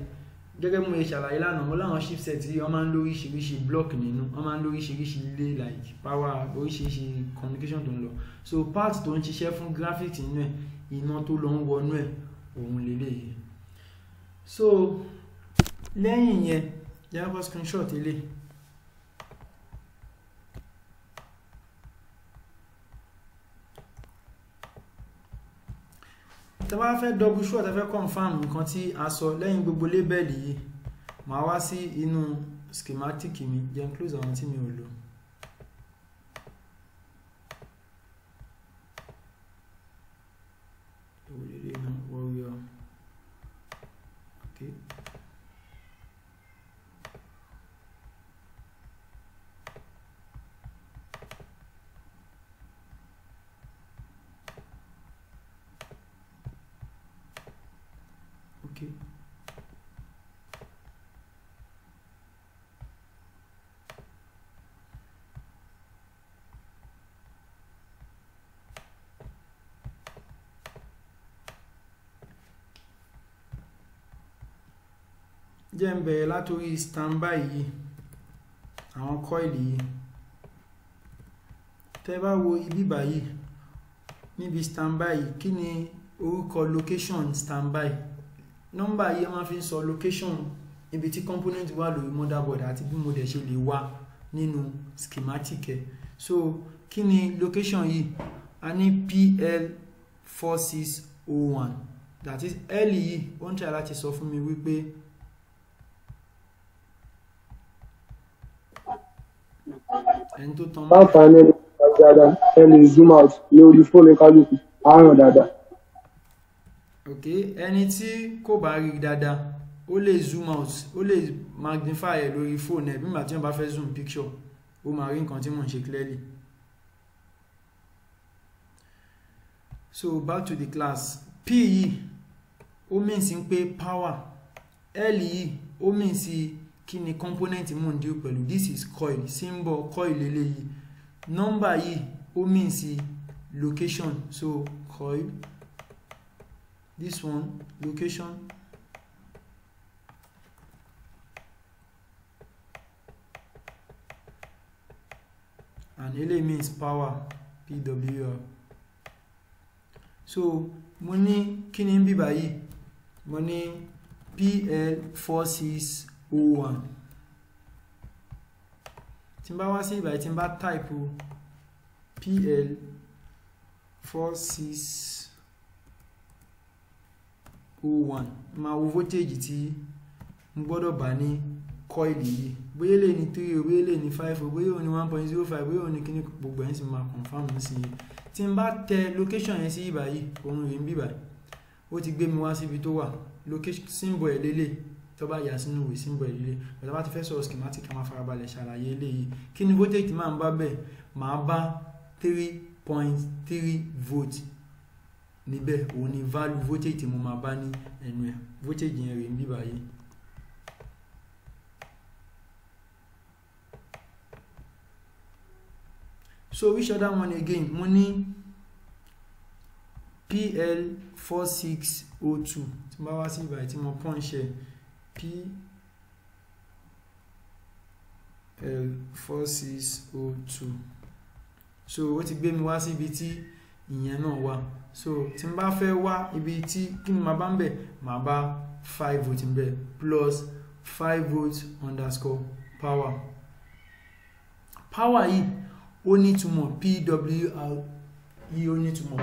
gẹ́gẹ́ bí mo ṣe ṣàlàyé lánàá mo láwọn chipset yìí wọ́n máa ń lóríṣiríṣi block nínú wọ́n máa ń lóríṣiríṣi ilé like power oríṣiríṣi communication tó ń lọ so part tó ń ṣiṣẹ́ fún graphics nínú ẹ̀ iná tó lọ ń wọnú ẹ̀ òun leléyìí so lẹ́yìn yẹn yàrá screenshot eléyìí tẹ bá fẹ́ double sure tẹ fẹ́ confirm nǹkan tí a sọ lẹ́yìn gbogbo label yìí màá wá sí inú schematic mi jẹ́ n close àwọn tí mi ò lò. jẹ́ ń bẹ̀rẹ̀ látòrí standby yìí àwọn kọ́ìlì yìí tẹ́ bá wo ibi báyìí níbi standby yìí kí ni orúkọ location standby nọ́mbà yìí máa fi ń sọ location ibi tí component wà lórí motherboard àti bí mo dẹ̀ ṣe lè wà nínú schematic ẹ̀ so kí ni location yìí a ní pl4601 that is l yìí ó ń tẹ̀ láti sọ fún mi wípé láǹfààní ẹni dáadáa ẹ lè zoom out lórí fóònù kálukú àárọ̀ dáadáa. ok ẹni tí kò bá rí dáadáa ó lè zoom out ó lè magnify ẹ lórí fóònù ẹ bí màá tí wọn bá fẹ́ zoom picture ó máa rí nǹkan tí mò ń ṣe clearly. so back to the class p yìí ó mìín sí pé power l yìí ó mìín sí kí ni component mò ń deal pẹ̀lú this is coil symbol coil eléyìí number yìí ó mean sí location so coil this one location and ele means power pwr so mo ní kí ni ń bí báyìí mo ní pl four six o one. tí n bá wá sí ìbàyí tí n bá táìpù pl 4601 máa wo voltage tí n gbọ́dọ̀ bá ní kọ́ìlì yìí bóyá lè ní 3 o bóyá lè ní five, o bóyá ò ní 1.05 bóyá ò ní kíní gbogbo ẹ̀ ń sì máa confam sí i tí n bá tẹ location yẹn sí ìbàyí òun rèé ń bíbà ó ti gbé mi wá síbi tó wà location symbol ẹ̀ lélẹ̀ tó bá yà sínú ìwé símbọ̀ ìdílé ọ̀dà bá ti fẹ́ sọ̀rọ̀ schematic a máa farabalẹ̀ ṣàlàyé eléyìí kí ni voltage máa ń bá bẹ́ẹ̀ máa bá three point three volt níbẹ̀ òun ni value voltage mo máa bá ní ẹnu ẹ̀ voltage yẹn rèé níbí báyìí. so which other one again mo ní pl four six oh two tí mo bá wá sí ibà tí mo punch ẹ̀. P L eh, four six O oh, two so ó ti gbé mi wá sí ibi tí ìyẹn náà wà so tí n bá fẹ́ wá ibi tí kí ni màá bá ń bẹ̀ màá bá five volt ń bẹ̀ plus five volt underscore power power yìí ó ní ìtumọ̀ pwr yìí e, ó ní ìtumọ̀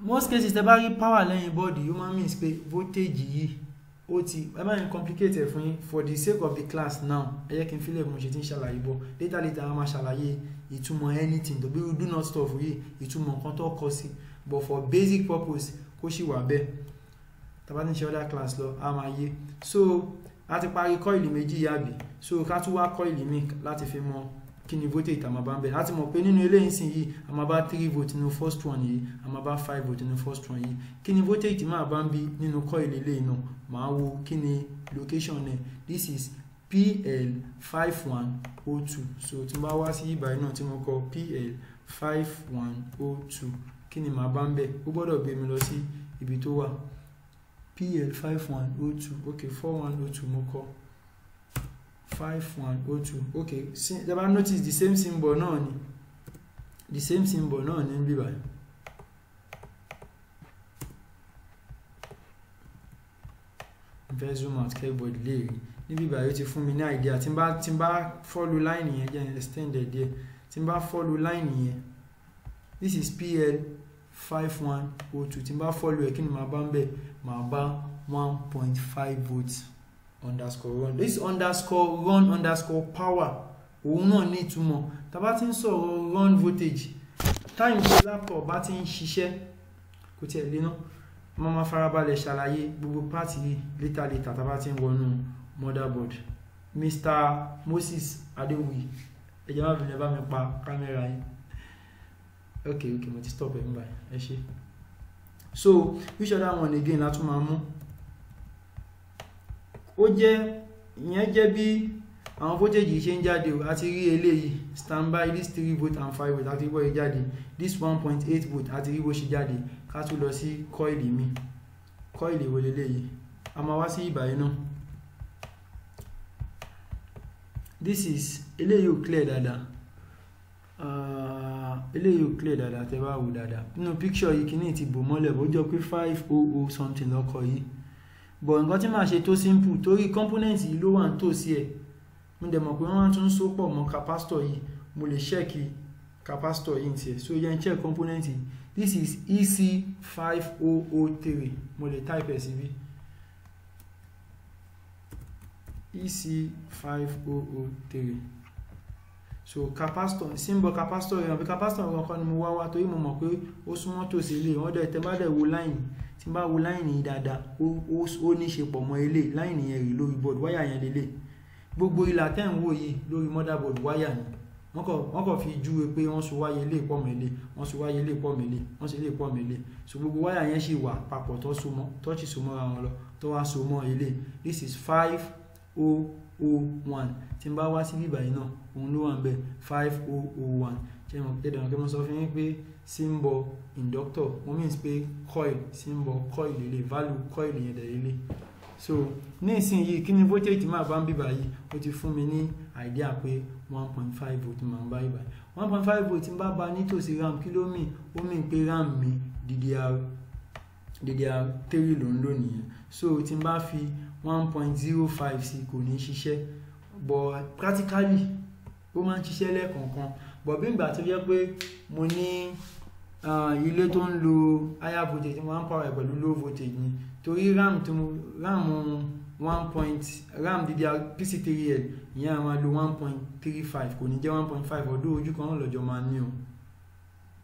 most cases tẹ́ bá rí power lẹ́yìn bọ́ọ̀dì yóò máa means pé voltage yìí ó ti ẹ máa ń complicate fún yín for the sake of the class now ẹ yẹ kí n fi lẹ́ẹ̀mú ṣe ti ń ṣàlàyé bọ̀ later later a máa ṣàlàyé ìtumọ̀ anything tó bí we do not stop yìí ìtumọ̀ nǹkan tó kọ sí but for basic purpose kó sì wà bẹ́ẹ̀ tàbá ti ń ṣe other class lọ a máa yé so a ti parí kọ́ìlì méjì yàbí so ká tún wá kọ́ìlì míì láti fi mọ kí ni voltage tá a máa bá ń bẹ̀ láti mọ̀ pé nínú eléyìí sìn yìí a máa bá three volt nínú first one yìí a máa bá five volt nínú first one yìí kí ni voltage tí máa bá ń bí nínú coil eléyìí náà máa wo kí ni location náà this is pl five one o oh two so tí n bá wá sí ìbàyìí náà tí mo kọ pl five one o oh two kí ni màá bá ń bẹ̀ ó gbọ́dọ̀ gbé mi lọ sí ibi tó wà pl five one o oh two ok four one o two mo kọ five one oh two okay ṣe bá notice the same symbol no? ni the same symbol no? ni ń bí báyìí vessel keyboard lè rí níbí báyìí ó ti fún mi ní idea tí n bá tí follow line yẹn jẹ́ extended díẹ̀ tí n follow line yẹn this is pl five one oh two tí follow ẹ̀ kí ni màá bá ń bẹ̀ màá one point five volts underscore run this underscore run underscore power òun náà ní ìtumọ̀ tá a bá ti ń sọ̀rọ̀ run voltage time tí laptop bá ti ń ṣiṣẹ́ kò tiẹ̀ lé náà mo máa farabalẹ̀ ṣàlàyé gbogbo pàtì later later tá bá ti ń wọnú motherboard Mr. Moses Adéwuyì ẹ jẹ́ má bìnrin bá mi pa kámẹ́rà yín ok ok mo ti stop ẹ̀ ń báyìí ẹ ṣe so which other one again la tún máa mú ó jẹ́ ìyẹn jẹ́ bí àwọn voltage ṣe ń jáde o àti rí eléyìí standby this three volt and five volt àti rí bó ṣe jáde this one point eight volt àti rí bó ṣe jáde ká tún lọ sí kọ́ìlì mi kọ́ìlì wo leléyìí a máa wá sí ìbàyí náà this is eléyìí ò clear dáadáa ah, eléyìí ò clear dáadáa tẹ́ bá wò dáadáa nínú picture yìí kìíní ti bò mọ́lẹ̀ bó jọ pé five oh oh something lọ́kọ̀ yìí bọ̀ nǹkan tí màá ṣe tó simple torí component yìí ló wà ń tòsí ẹ̀ mo dẹ̀ mọ̀ pé wọ́n tún so pọ̀ mọ́ capacitor yìí mo lè check capacitor yìí tiẹ̀ so yẹn check component yìí this is ec5003 mo lè type ẹ̀ síbí ec5003 so capacitor symbol capacitor yẹn àbí capacitor yẹn kan ni mo wá wá torí mo mọ̀ pé ó súnmọ́ tòsí ilé wọ́n dẹ̀ tẹ́ bá dẹ̀ wo line yìí tí n bá wo láìní dáadáa ó ní ṣe pọ̀ mọ́ ilé láìní yẹn rí lórí bọ́ọ̀dù wáyà yẹn lélẹ̀ gbogbo ilà tẹ́ ń wò yìí lórí motherboard wáyà ni wọ́n kàn fi júwe pé wọ́n so wáyé ilé ìpọ́mọ ilé wọ́n so wáyé ilé ìpọ́mọ ilé wọ́n so ilé ìpọ́mọ ilé so gbogbo wáyà yẹn sì wà papọ̀ tó so mọ́ tó sì so mọ́ra wọn lọ tó wá so mọ́ ilé this is five oh o oh one tí n bá wá sí bíbá yìí náà òun ló wà ń bẹ five o oh o one ṣe mọ̀ pé dandan kí mo sọ fún yín pé symbol inductor wọ́n means pé coil symbol coil lele value coil yẹn dẹ̀ lele so nísìnyí kí ni voltage máa bá ń bíbá yìí ó ti fún mi ní idea pé one point five volt máa ń bá yìí báyìí one point five volt ń bá ba nítòsí ram kí ló mìn ó mìn pé ram mi ddr ddr three ló ń lò nìyẹn so tí n bá fi one point zero five sí kò ní ṣiṣẹ́ but practically ó máa ń ṣiṣẹ́ lẹ́ẹ̀kọ̀ọ̀kan but bí ìgbà tó yẹ pé mo ní ilé tó ń lo higher voltage mo power pẹ̀lú low voltage ni torí ram tó mo ram one point ram ddr pc3l ìyẹn a máa lo one point three five kò ní jẹ́ one point five ọdún ojú kan náà máa ní o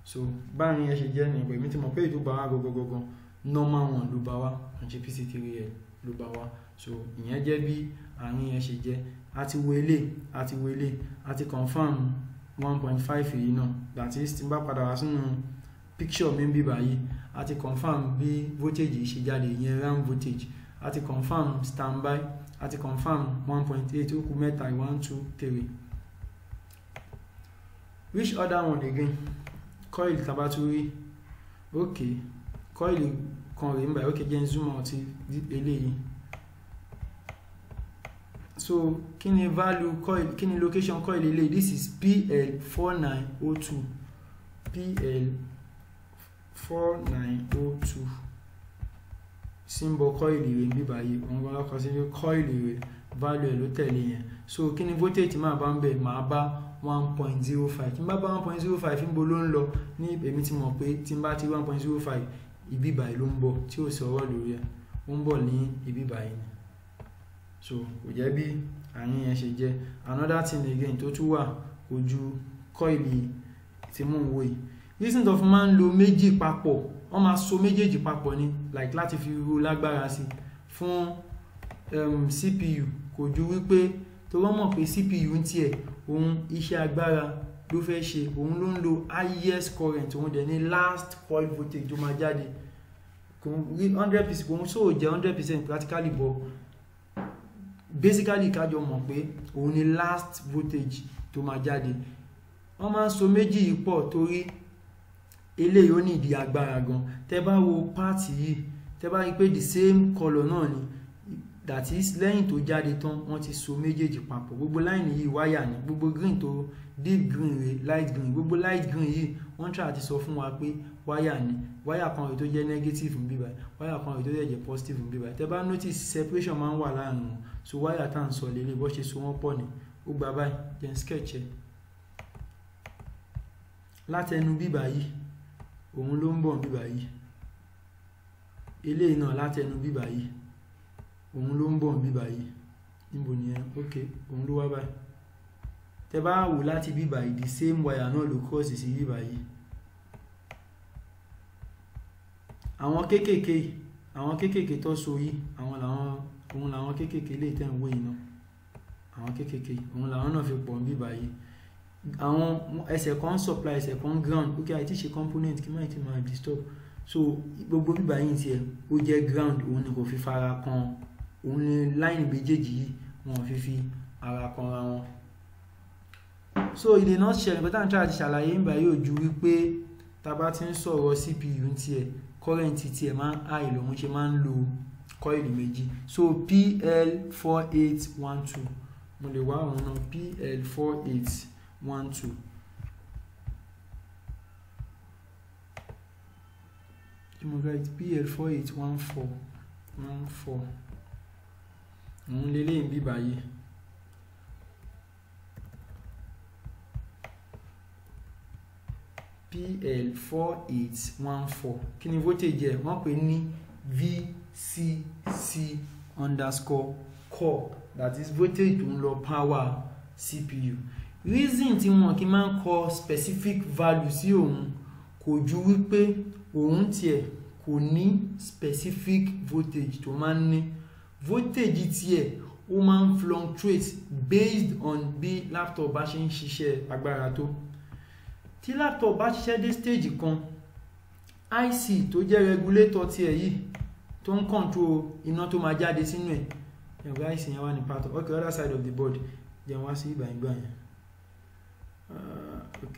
so báyìí ẹ ṣe jẹ́ ní ìgbà èmi ti mọ̀ pé ètò bá wa gọ́gọ́gọ́gọ́ normal one ló bá wa kò pc3l ló bá wa so ìyẹn jẹ́ bí àárín yẹn ṣe jẹ́ a ti wo ilé a ti wo ilé a ti confirm one point five yìí náà that is tí n bá padà wá sínú picture mi ń bíbà yìí a ti confirm bí voltage yìí ṣe jáde ìyẹn ram voltage a ti confirm standby a ti confirm one point eight ó kù mẹ́ta one two three which other one again coil tabaturi okay coil kan rèé ń báyìí ó kẹjẹ ń zoom out eléyìí so kí value coil kí location coil eléyìí this is pl 4902, pl 4902. symbol coil ìwé ń bí báyìí òun gan lọkọ coil ìwé value ẹ̀ ló tẹ̀lé so kí voltage máa bá ń bẹ̀ máa bá one point zero five tí n bá bá one point zero five ń bo ló ń lọ ní èmi ti mọ̀ pé tí n bá ti one point ló ń bọ̀ tí ò sọ̀rọ̀ lórí ẹ̀ ó ń bọ̀ ní ìbí ni so kò jẹ́ bí àárín yẹn ṣe jẹ́ another thing again tó tún wà ojú kọ́ìlì tí mò ń wò yìí reason tó fi máa ń lo méjì papọ̀ wọ́n máa so méjèèjì papọ̀ ni like láti fi ro lágbára sí fún um, ehm, CPU kò ju wípé tó wọ́n mọ̀ pé CPU ń tiẹ̀ òun iṣẹ́ agbára ló fẹ́ ṣe òun ló ń lo highest current òun dẹ̀ ní last coil voltage tó máa jáde hundred percent òun sóò jẹ́ hundred percent practically but basically kájọ mọ̀ pé òun ni last voltage tó máa jáde wọ́n máa ń so méjì yìí pọ̀ torí eléyìí ó ní ìdí agbára gan tẹ́ bá wo páàtì yìí tẹ́ bá rí pé the same colour náà ni that is lẹ́yìn tó jáde tán wọ́n ti so méjèèjì papọ̀ gbogbo láìní yìí wáyà ni gbogbo green tó deep green rẹ̀ light green gbogbo light green yìí wọ́n try àti sọ fún wa pé wáyà ni wáyà kan èyí tó jẹ́ negative ń bí báyìí wáyà kan èyí tó jẹ́ positive ń bí báyìí tẹ́ bá notice separation máa ń wà láàrin wọn so wáyà tá à ń sọ lélẹ̀ bó ṣe so wọ́n pọ̀ ni ó gba báyìí then sketch ẹ̀ látẹnu bíbá yìí òun ló ń bọ̀ bíbá yìí eléyìí náà látẹnu bíbá yìí òun ló ń bọ̀ bíbá yìí níbo nìyẹn ok òun ló wá báyìí tẹ́ bá wò láti bíbá yìí the same wire náà ló cross sí bíbá yìí àwọn kéékèèké àwọn kéékèèké tó so yìí àwọn làwọn òun làwọn kéékèèké lè tẹ̀ ń wé iná àwọn kéékèèké òun làwọn náà fi pọ̀ ń bíbá yìí àwọn ẹsẹ̀ kan supply ẹsẹ̀ kan ground ok àti ṣe component kí má ti máa disturb so gbogbo bíbá yìí tiẹ̀ ó jẹ́ ground òun ni kò fi fara kan òun ni line méjèèjì yìí wọn ò fi fi ara kan ra wọn so in a nutshell nǹkan tá à ń try àti ṣàlàyé ń yóò ju wípé tá a bá ti ń sọ̀rọ̀ CPU ń tiẹ̀ kọ́rẹ́ǹtì tiẹ̀ máa ń high lòun ṣe máa ń lo kọ́ìlì méjì so pl four eight one two mo lè wá òun náà pl four eight one two. democrat pl four eight one four one four òun lélẹ́yìn bíbáyé. pl four eight one four kí ni voltage ẹ̀ wọ́n pè ní vcc underscore core that is voltage tó ń lọ power cpu reason tí wọn kì máa ń kọ specific value sí òun kò ju wípé òun tiẹ̀ kò ní specific voltage tó máa ń ní voltage tiẹ̀ ó máa ń fluctuate based on bí laptop bá ṣe ń ṣiṣẹ́ agbára tó tí laptop bá ṣiṣẹ́ dé stage kan IC tó jẹ́ regulator tiẹ̀ yìí tó ń control iná tó máa jáde sínú ẹ̀ ẹ̀rọ IC yẹn wà ní part of okay other side of the board jẹun wá sí ìgbàyìngbà yẹn ah, ok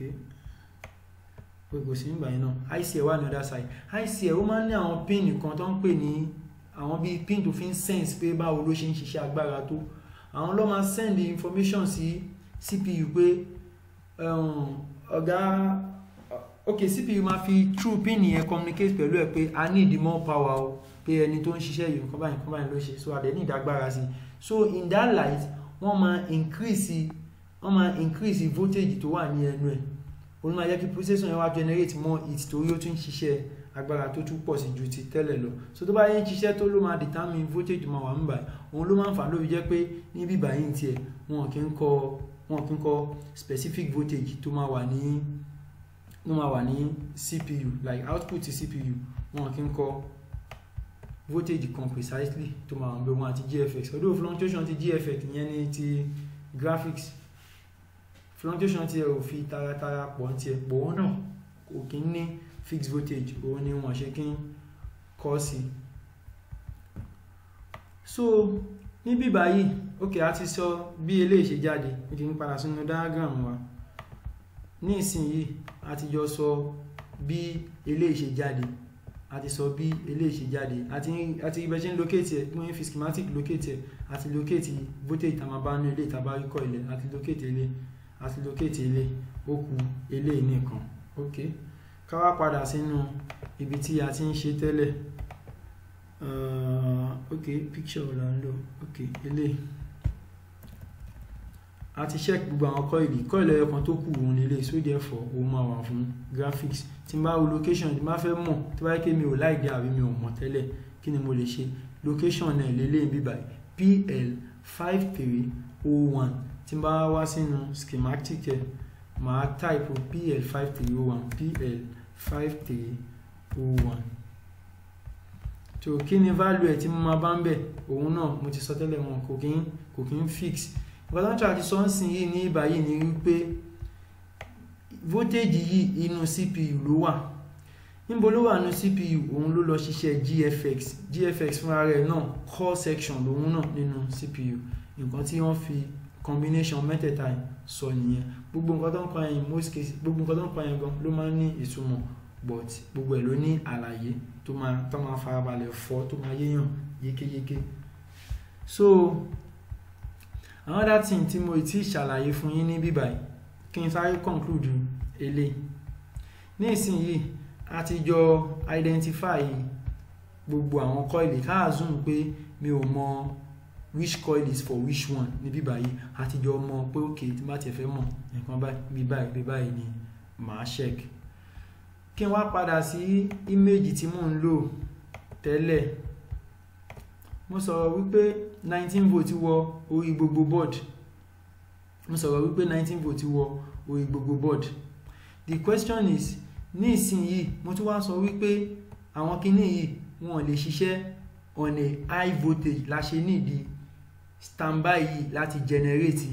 kò sí ìgbà yẹn náà IC ẹ̀ wà ní other side IC ẹ̀ ó máa ń ní àwọn pin kan tó ń pè ní àwọn bíi pin tó fi ń sense pé báwo ló ṣe ń ṣiṣẹ́ agbára tó àwọn ló máa send information sí CPU pé um, ọ̀gá ok cpu máa fi true pin yẹn communicate pẹ̀lú ẹ̀ pé i need more power o pé ẹni tó ń ṣiṣẹ́ yìí nǹkan báyìí nǹkan báyìí ló ṣe so a dẹ̀ ní ìdágbára sí so in that light wọ́n máa increase wọ́n máa increase voltage tó wà ní ẹnu ẹ̀ òun máa jẹ́ kí processor yẹn wá generate more heat torí ó tún ṣiṣẹ́ agbára tó tún pọ̀ sí ju ti tẹ́lẹ̀ lọ so tó bá yẹn ṣiṣẹ́ tó ló máa determine voltage máa wà ń báyìí òun ló máa ń fà lórí jẹ́ pé ní bíbá tiẹ̀ wọn kì í kọ wọ́n tún kọ specific voltage tó máa wà ní tó máa wà ní CPU like output CPU wọ́n kí ń kọ voltage kan precisely tó máa wà níbẹ̀ wọ́n àti GFX although fluctuation ti GFX ìyẹn ni ti graphics fluctuation tiẹ̀ ò fi taratara pọ̀ tiẹ̀ pọ̀ wọn náà kò kí ń ní fixed voltage òun ni wọ́n ṣe kí ń kọ́ sí so níbí báyìí ok a ti sọ bí eléyìí ṣe jáde ìdí ń padà sínú diagram wa ní ìsinyìí a ti jọ sọ bí eléyìí ṣe jáde a ti sọ bí eléyìí ṣe jáde àti ibẹ̀ ṣe ń locate ẹ̀ wọ́n fi schematic locate ẹ̀ àti locate voltage tá a máa bá ní ilé ìtàbá ikọ̀ ilẹ̀ àti locate ilé àti locate ilé ó ku ilé nìkan ok ká wá padà sínú ibi tí a ti ń ṣe tẹ́lẹ̀ ok picture là ń lò ok ilé a ti check gbogbo àwọn coil coil ẹyọ kan tó kù òun lélẹ̀ so therefore òun máa wà fún graphics tí n bá wo location tí n bá fẹ́ mọ̀ tó bá yẹ kí mi ò láì dé àbí mi ò mọ̀ tẹ́lẹ̀ kí ni mo lè ṣe location náà lélẹ̀ bí báyìí pl five three o oh one tí n bá wá sínú schematic ẹ̀ màá type pl five three o oh one pl five three o oh one tó kí ni value ẹ̀ tí mo máa bá ń bẹ̀ òun náà mo ti sọ tẹ́lẹ̀ wọn kò kí ń kò kí ń fix nǹkan tó ń tàbí sọ́nsìn yìí ní ìbáyìí ni wípé voltage yìí inú cpu ló wà níbo ló wà ní cpu òun ló lọ ṣiṣẹ́ gfx gfx fúnra rẹ̀ náà core section lòun náà nínú cpu nǹkan tí wọ́n fi combination mẹ́tẹ̀ẹ̀ta sọ nìyẹn gbogbo nǹkan tó ń kọ́ yẹn most cases gbogbo nǹkan tó ń kọ́ gan ló máa ń ní ìtumọ̀ but gbogbo ẹ̀ ló ní àlàyé tó máa tó máa farabalẹ̀ fọ́ tó máa yéèyàn yékéyéké so another thing tí mo ti ṣàlàyé fún yín ní bíbáyìí kí n sáré conclude ele nísìnyí a ti jọ identify gbogbo àwọn coil ká assume pé mi ò mọ which coil is for which one ní bíbáyìí a ti jọ mọ pé ok tí bá tiẹ̀ fẹ́ mọ̀ nǹkan bíi báyìí bíi báyìí ni màá check kí n wá padà sí íméèjì tí mò ń lò tẹ́lẹ̀ mo sọ̀rọ̀ wípé nineteen vote wọ orí gbogbo board mo sọ̀rọ̀ wípé nineteen vote wọ orí gbogbo board the question is ní ìsinyìí mo tún wá sọ wípé àwọn kinní yìí wọn lè ṣiṣẹ́ on a high voltage la ṣe nídìí standby yìí láti generate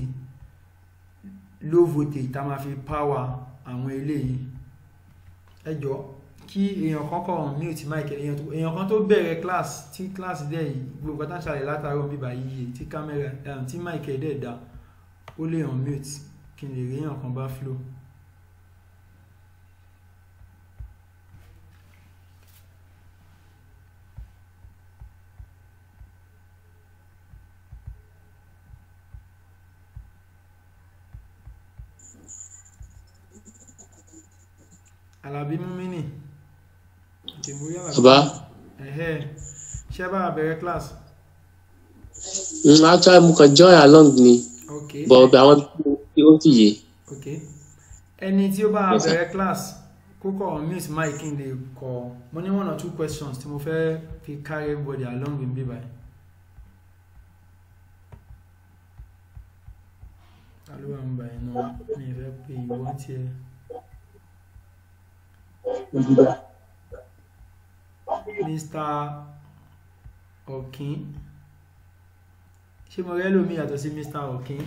low voltage tá a máa fi power àwọn eléyìí ẹ jọ̀ọ́ kí èèyàn kan kọ̀ ọ̀hún mute mic èèyàn kan tó bẹ̀rẹ̀ class tí class dẹ̀ yìí gbogbo tá à ń ṣàlẹ̀ látàárọ̀ bíbá yìí tí camera um, tí mic ẹ̀ dẹ̀ dá ó lè hàn mute kí n lè rí èèyàn kan bá flow. Alabi Mumini bàbá ṣé bá a bẹ̀rẹ̀ class. actually mo kàn join along ni but àwọn tí ó ti yé. ẹni tí ó bá a bẹ̀rẹ̀ class kókó miss mike n lè kọ mo ní one or two questions tí mo fẹ́ fi carry everybody along in bíbá. alo à ń bá iná mi ìfẹ́ pé ìwọ́n tiẹ̀. Mr. Okin, ṣé mo rẹ́ lómi yàtọ̀ sí Mr. Ọ̀kín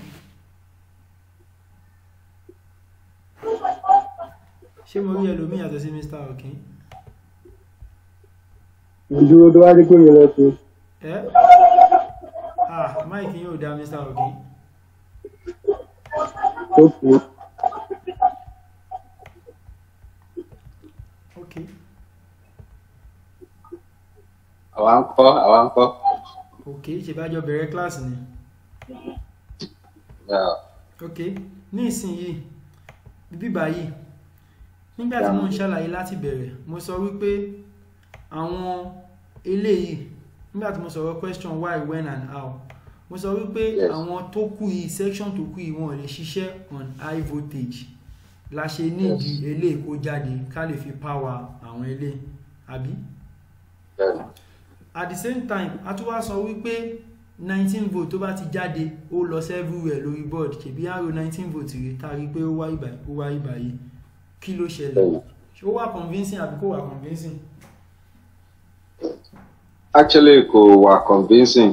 ṣé mo rí ẹlòmí yàtọ̀ sí Mr. Ọ̀kín. ìdúró tó wá rí kò yẹn lọ sí. ẹ ah mike yóò dá Mr. Ọ̀kín. ó kù. àwa ń kọ́ àwa ń kọ́. ok ṣe bá jọ bẹ̀rẹ̀ kíláàsì ni. ok ní ìsinyìí bíbá yìí nígbà tí mo ń ṣàlàyé láti bẹ̀rẹ̀ mo sọ wípé àwọn eléyìí nígbà tí mo sọ̀rọ̀ question why when and how mo sọ wípé àwọn tó kù yìí section tó kù yìí wọn ò lè ṣiṣẹ́ on high voltage la ṣe nídìí eléyìí kó jáde ká lè fi power àwọn eléyìí àbí at the same time a tún wá sọ wípé nineteen vote tó bá ti jáde ó lọ sẹ́fúwẹ̀ lórí board ṣèbí àrò nineteen vote rèé tá a rí i pé ó wá ìbàyí ó wá ìbàyí kí ló ṣẹlẹ̀ oh. ó wà convincing àbí kò wà convincing. actually kò wà convincing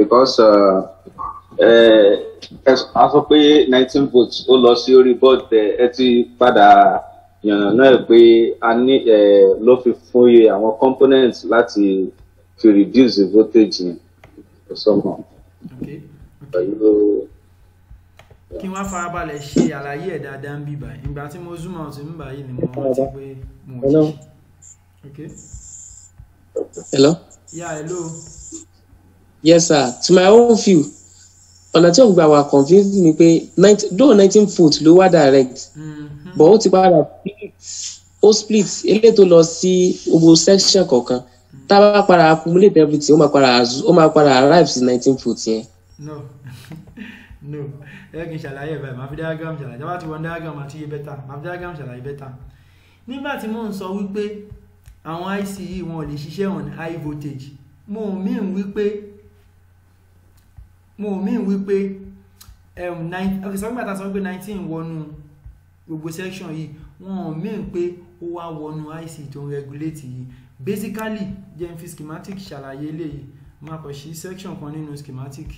because uh, eh, ẹ sọ pé nineteen votes ó lọ sí orí board ẹ ti padà yànnàná ẹ̀ pé a ní ẹ̀ ló fi fún iye àwọn components láti fi reduce the voltage yẹn kò sọmọ kí wọ́n farabalẹ̀ ṣe àlàyé ẹ̀ dáadáa ń bíbà ìgbà tí mo zoom out ń bà ni mo rántí pé mo jí. Okay. Hello. Yeah, hello. Yes, sir. To my own view, ọ̀nà tí òun gbà wà confused ni pé though nineteen foot ló wà direct. Mm bọ̀ ó ti padà ó split eléyìí tó lọ sí gbogbo section kọ̀ọ̀kan tá a bá padà accumulate everything ó máa padà ó máa padà arrive sí nineteen forty yẹn. no no ẹ kì í ṣàlàyé ẹ báyìí màá fi diagram ṣàlàyé jábàá ti wọn diagram àti iye bẹ́tà màá fi diagram ṣàlàyé bẹ́tà nígbà tí mò ń sọ wípé àwọn ICE wọn ò lè ṣiṣẹ́ on high voltage mo mean wípé mo mean wípé um, nine okay sọ pé àtàwọn sọ pé nineteen wọnú gbogbo section yìí wọn mẹ́rin pé ó wá wọnú ic tó ń regulate yìí basically jẹ́ n fi schematic ṣàlàyé eléyìí máa kàn sí section kan nínú schematic.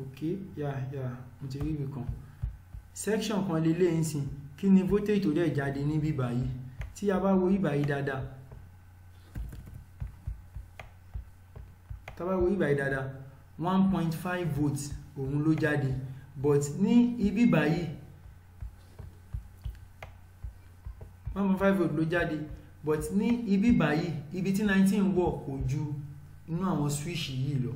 ok yà yà mo ti rí ibì kan section kan lélẹ́yìn sìn kí ni voltage tó dẹ̀ jáde ní bíbá yìí tí a bá wo bíbá yìí dáadáa tá a bá wo bíbá yìí dáadáa one point five volts òun ló jáde but ní ibí báyìí one point five volt ló jáde but ní ibí báyìí ibi tí nineteen wọ̀ kò ju inú àwọn switch yìí lọ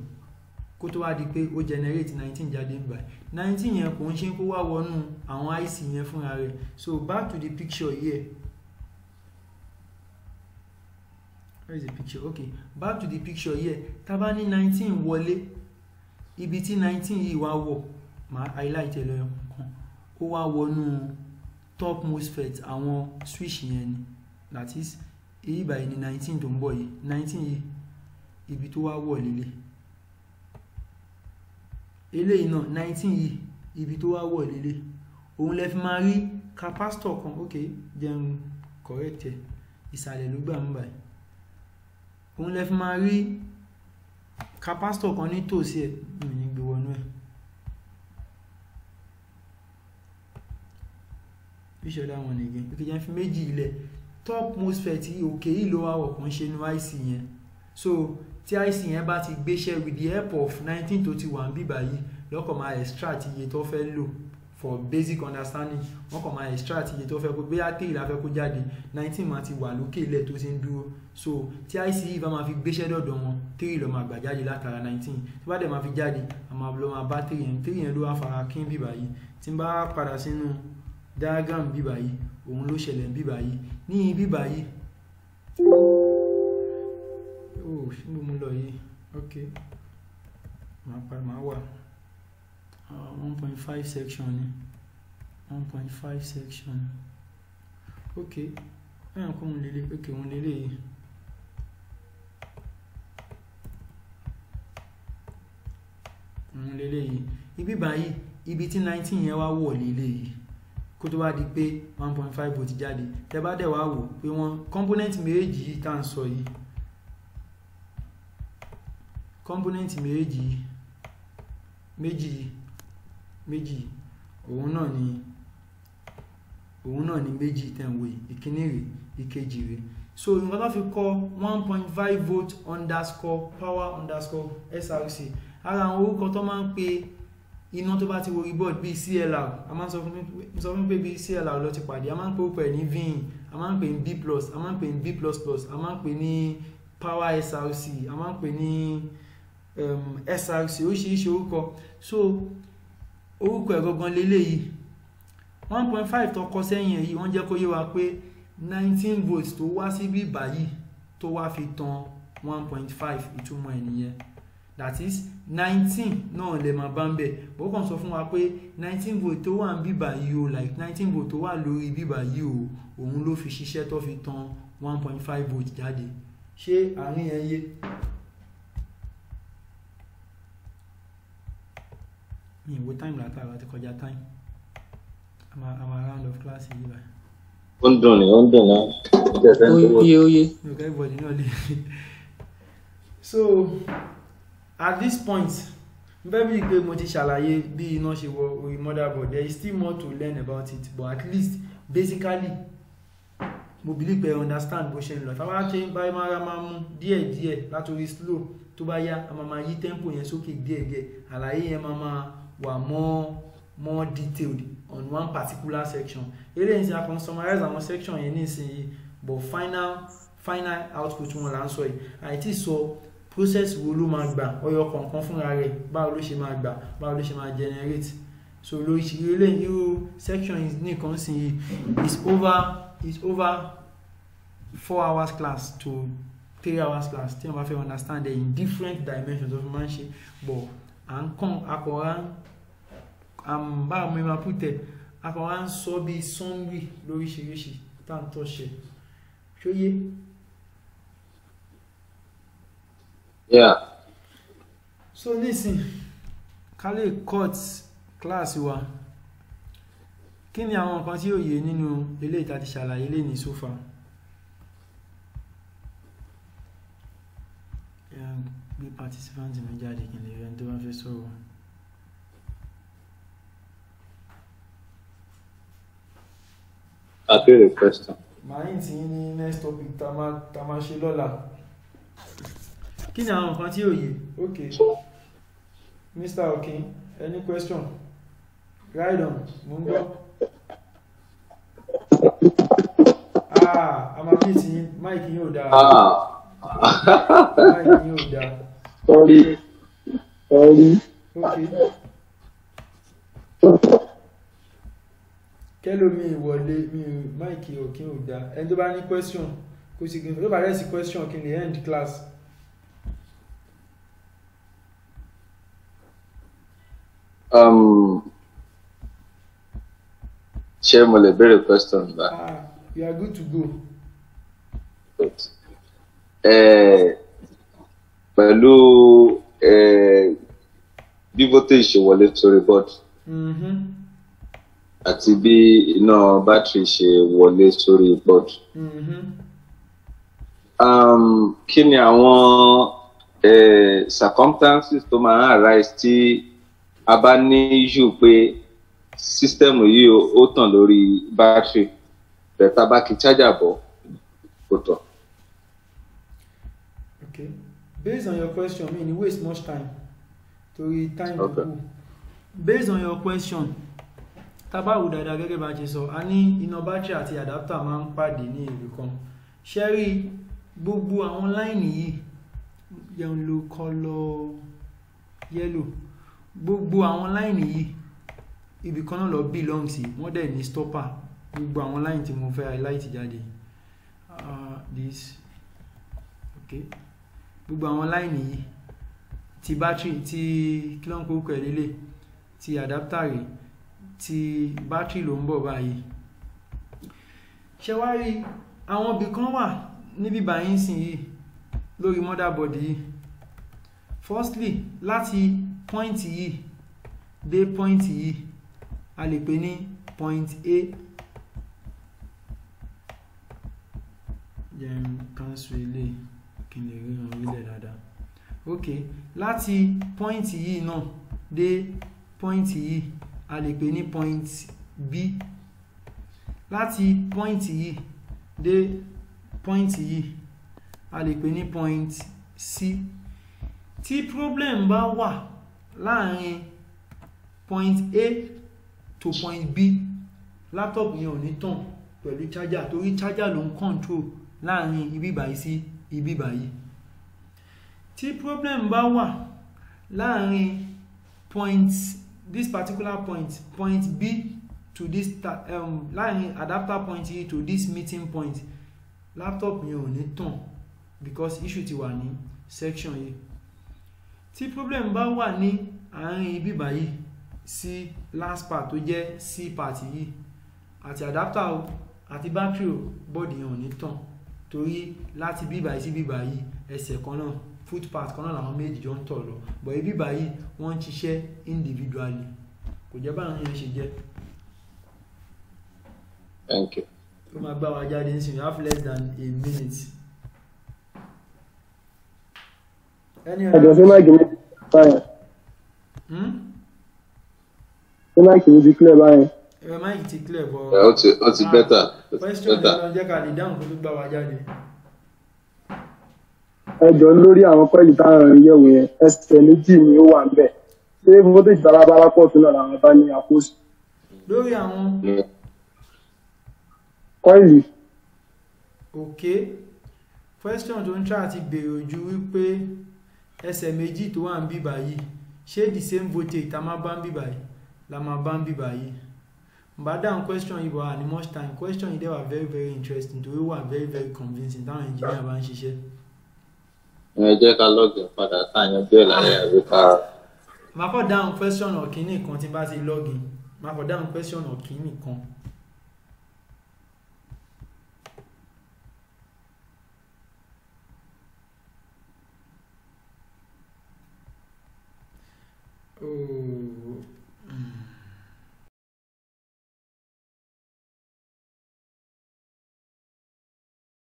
kó tó wá di pé ó generate nineteen jáde ń gbà nineteen yẹn kò ń ṣe kó wá wọnú àwọn IC yẹn fúnra rẹ̀ so back to the picture here where is the picture okay back to the picture here tá bá ní nineteen wọlé ibi tí nineteen yìí wá wọ̀ máa highlight ẹ̀ lọ́yọ̀ kan ó wá wọnú top most fet àwọn switch yẹn ni that is èyí báyìí ni nineteen tó ń bọ̀ yìí nineteen yìí ibi tó wá wọ̀ lélẹ̀ eléyìí náà nineteen yìí ibi tó wá wọ̀ lélẹ̀ òun lẹ fi máa rí capacitor kan ok jẹun correct ẹ ìsàlẹ̀ ló gbà ń báyìí òun lẹ fi máa rí ka pásítọ̀ kan ní tòsí ẹ̀ mi ò ní gbé wọnú ẹ̀ bíṣọ̀ dáwọn nìgbín pé kìjẹ́ fi méjì ilẹ̀ top mosfet tí òkè yìí ló wà wọ̀kún ṣe ní ic yẹn so tí ic yẹn bá ti gbéṣẹ́ with the help of 19 tó ti wà ń bíbà yìí lọ́kọ̀ máa extract iye tó fẹ́ lò for basic understanding wọn kàn máa extract iye tó fẹ́ kó bóyá tèyí la fẹ́ kó jáde nineteen máa ti wà lókè ilẹ̀ tó ti ń dúró so tí ice bá máa fi gbéṣẹ́ dọ̀dọ̀ wọn tèyí lọ máa gbà jáde látara nineteen tó bá dẹ̀ máa fi jáde a máa lọ máa bá tèyí yẹn tèyí yẹn ló wá fara kín bíbà yìí tí n bá padà sínú diagram bíbà yìí òun ló ṣẹlẹ̀ bíbà yìí ní bíbà yìí ó oh, ṣé mo mú lọ yìí ok màá wà. 1.5 point five section ni one point five section ok ẹ̀yàn kó òun lélẹ̀ ok òun lélẹ̀ yìí òun lélẹ̀ yìí ibi báyìí ibi tí nineteen yẹn wá wọ̀ lélẹ̀ yìí kó tó bá di pé one point five volt jáde tẹ bá dẹ̀ wá wò pé wọ́n component méjì yìí tá à ń sọ yìí component méjì yìí méjì yìí méjì òun náà ni òun náà ni méjì tẹ̀wé ìkíní rẹ̀ ìkejì rẹ̀ so nǹkan tó fi kọ one point five volt underscore power underscore src ara àwọn orúkọ tó máa ń pe iná tó bá ti wọrí board bíi clr a máa ń sọ fún pé bíi clr ló ti pàdé a máa ń pe orúkọ ẹ̀ ní vin a máa ń pè ní b plus a máa ń pè ní b plus plus a máa ń pè ní power src a máa ń pè ní um, ehm, src oríṣiríṣi orúkọ so orúkọ ẹ̀ gangan leléyìí one point five tó kọ sẹ́yìn ẹ̀ yìí wọ́n jẹ́ kó yé wa pé nineteen votes tó wá síbí báyìí tó wá fi tan one ìtumọ̀ ẹ̀ that is 19 náà lè máa bá ń bẹ̀ bó kàn sọ fún wa pé nineteen vote tó wà ń bíbà yìí o like 19 vote tó wà lórí bíbà yìí o òun ló fi ṣiṣẹ́ tó fi tan one point five jáde ṣé àárín ẹ̀ mi ìwò time látara ti kọjá time a máa round of class yìí báyìí. ó ń dùn ní ó ń dùn náà. oye oye. okay everybody náà lè so at this point bẹ́ẹ̀ bíi pé mo ti ṣàlàyé bí iná ṣe wọ orí motherboard there is still more to learn about it but at least basically mo believe pé understand bó ṣe ń lọ táwa ṣe ń bá mara máa mú díẹ̀díẹ̀ látòrí slow tó bá yá a máa máa yí tempo yẹn sókè díẹ̀díẹ̀ àlàyé yẹn máa máa We are more more detailed on one particular section eléyìí ti a kan summarize àwọn section yẹn nísìnyí but final final output wọn là ń sọ yìí àìtí sọ process wo ló máa gbà ọyọ kọ̀ọ̀kan fúnra rẹ̀ báwo ló ṣe máa gbà báwo ló ṣe máa generate so lóríṣiríṣi eléyìí irú section nìkan sì is over is over four hours class to three hours class tí wọn bá fẹ́ understand it in different dimensions of man but à ń kàn àkọ́rá àmbá mi máa pútẹ afọwọ́ à ń sọ bíi sọ́ńwì lóríṣiríṣi tá à ń tọ́ ṣe ṣóyé. so nísìn ká lè class wa kí ni àwọn nǹkan tí yóò yé nínú eléyìí tá a ti ṣàlàyé lénìí so far. Yeah, be participant in the judging in the event, don't have to àbẹ̀rẹ̀ question. màáyì tí ní next topic tá a máa ṣe lọ́la. kí ni àwọn nǹkan tí ò ok Mr. Okin any question ride on mo ń gbọ́. ah amabi ti máìkì Ah. dáa. máìkì yóò dáa. sorry sorry. ok kẹlòmí ìwọlé mi ò máìkì òkín ò dá ẹni tó bá ní question kò sì gbìyànjú ló bá rẹ̀ sí question kí n lè end class. Um, ṣé mo lè béèrè question bá. ah you are good to go. pẹ̀lú bí voltage ṣe wọlé sórí board. Mm-hmm àti bí iná bátìrì ṣe wọlé sórí pod. Um, kí ni àwọn eh, circumstances tó máa ń arise tí a bá ní yù pé sísítẹ́ẹ̀mù yìí ó tàn lórí bátìrì bẹ̀tà bá kí chájà bọ̀ kò tọ̀. okay based on your question mi ni waste much time torí time okay. go based on your question tabawo dáadáa gẹ́gẹ́ bá ṣe sọ a ní iná bátìrì àti àdáptà máa ń pàdé ní ibì kan ṣẹ́rí gbogbo àwọn láìnì yìí jẹun ló kọ́lọ́ yẹ́lò gbogbo àwọn láìnì yìí ibì kan náà lọ belong sí wọ́n dẹ̀ ní stopper gbogbo àwọn láìnì tí mo fẹ́ highlight jáde ah, this okay gbogbo àwọn láìnì yìí ti bátìrì ti kí ló ń kó kẹ̀lélẹ̀ ti àdáptà rèé ti bátìrì ló ń bọ̀ báyìí ṣe wá rí àwọn ibì kan wà níbi báyìí sìn yìí lórí motherboard yìí firstly láti point yìí dé point yìí a lè pè ní point A jẹ́ n ilé kí n lè ríran orílẹ̀ dáadáa ok láti point yìí náà dé point yìí a lè pè ní point b láti point yìí dé point yìí a lè pè ní point c tí problem bá wà láàrin point a to point b laptop yẹn ò ní tàn pẹ̀lú charger torí charger ló ń control láàrin ibi báyìí sí ibi báyìí tí problem bá wà láàrin point this particular point point b to this um, line adapter point E to this meeting point laptop yẹn ò ní tàn because issue ti wà ní section yìí tí problem ba wà ní àárín bíbá yìí sí last part tó jẹ́ c part yìí ati adapter o àti battery o bọ́ọ̀dì yẹn ò ní tàn torí láti bíbá yìí sí bíbá yìí ẹsẹ̀ kan náà footpath kan náà méjì jọ ń tọ̀ lọ bọ̀ ibi báyìí wọ́n ń ṣiṣẹ́ individually kò jẹ́ báwọn yẹn ṣe jẹ́. thank you. ó máa gbá wa jáde nísìnyí you have less than a minute. ẹni máìkì mi ti clear báyẹn. ẹ̀rọ máìkì ti clear bọ̀. Eh, ó ti ah, bẹ́tà. question ìlànà jẹ́ ká lè dáhùn kó tó gbá wa jáde ẹjọ́ lórí àwọn pẹ́ẹ́lì táwọn yẹ̀wò yẹn ẹsẹ̀ méjì ni ó wà ń bẹ̀ ṣé voltage tara bá pọ̀ náà làwọn bá ní àkóso. lórí àwọn. kọ́ìlì. ok question tó ń ṣe àti béèrè ojú wípé ẹsẹ̀ méjì tó wà ń bí báyìí ṣé the same voltage tá a máa bá ń bí báyìí la máa bá ń bí báyìí bá question yìí bọ̀ ní much time question yìí dẹ́ very very interesting torí wà very very convincing táwọn engineer bá ń ṣiṣẹ́ ẹ jẹ́ ká lọ́ọ̀gì padà ká yan bẹ́ẹ̀ láyé àbí ká. Ah. máa kọ́ dáhùn question ọ̀kínní kan tí bá ti lọ́ọ̀gì máa kọ́ dáhùn question ọ̀kínní kan. ooo. Oh.